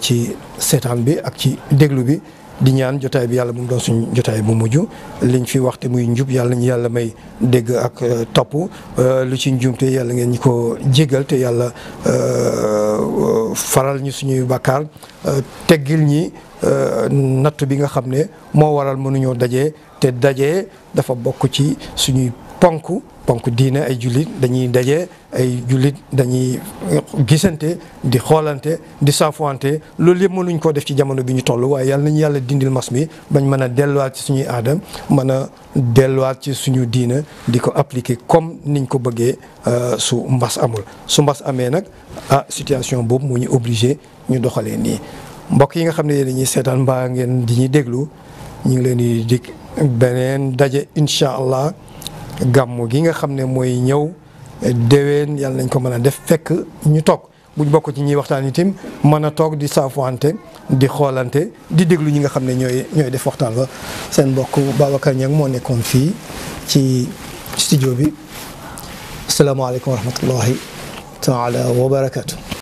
ci seetaan bi ak ci déglu bi di ñaan jotaay bi yàlla bu mu doon suñ jotaay bu mujj liñ fi waxte muy njub yàlla ñu yàlla may dégg ak topp lu ci njumte yàlla ngeen ñu ko jégal te yàlla faral ñu suñuy bàkkaar teggil ñi natt bi nga xam ne moo waral mënuñoo dajee te daje dafa bokk ci suñuy ponk ponk diine ay jullit dañuy daje ay jullit dañuy gisante di xoolante di saafuwante loolu yëpp mënuñ ko def ci jamono bi ñu toll waaye yàlla nañu yàlla dindil mas mi bañ mën a delluwaat ci suñuy aadam mën a delluwaat ci suñu diina di ko appliquer comme niñ ko bëggee euh, su mbas amul su mbas amee nag ah situation boobu mu ñu obligé ñu doxalee nii mbokk yi nga xam ne yéen ñuy seetaan mbaa ngeen di ñuy déglu ñu ngi leen di dig beneen daje incha allah gàmm gi nga xam ne mooy ñëw déwén yàlla nañ ko mën a def fekk ñu toog buñ bokk ci ñuy waxtaan itam mën a toog di saafuwante di xoolante di déglu ñi nga xam ne ñooy def waxtaan ba seen mbokk Babacar Niang moo nekkoon fii ci studio bi asalaamaaleykum wa rahmatullahi taala wa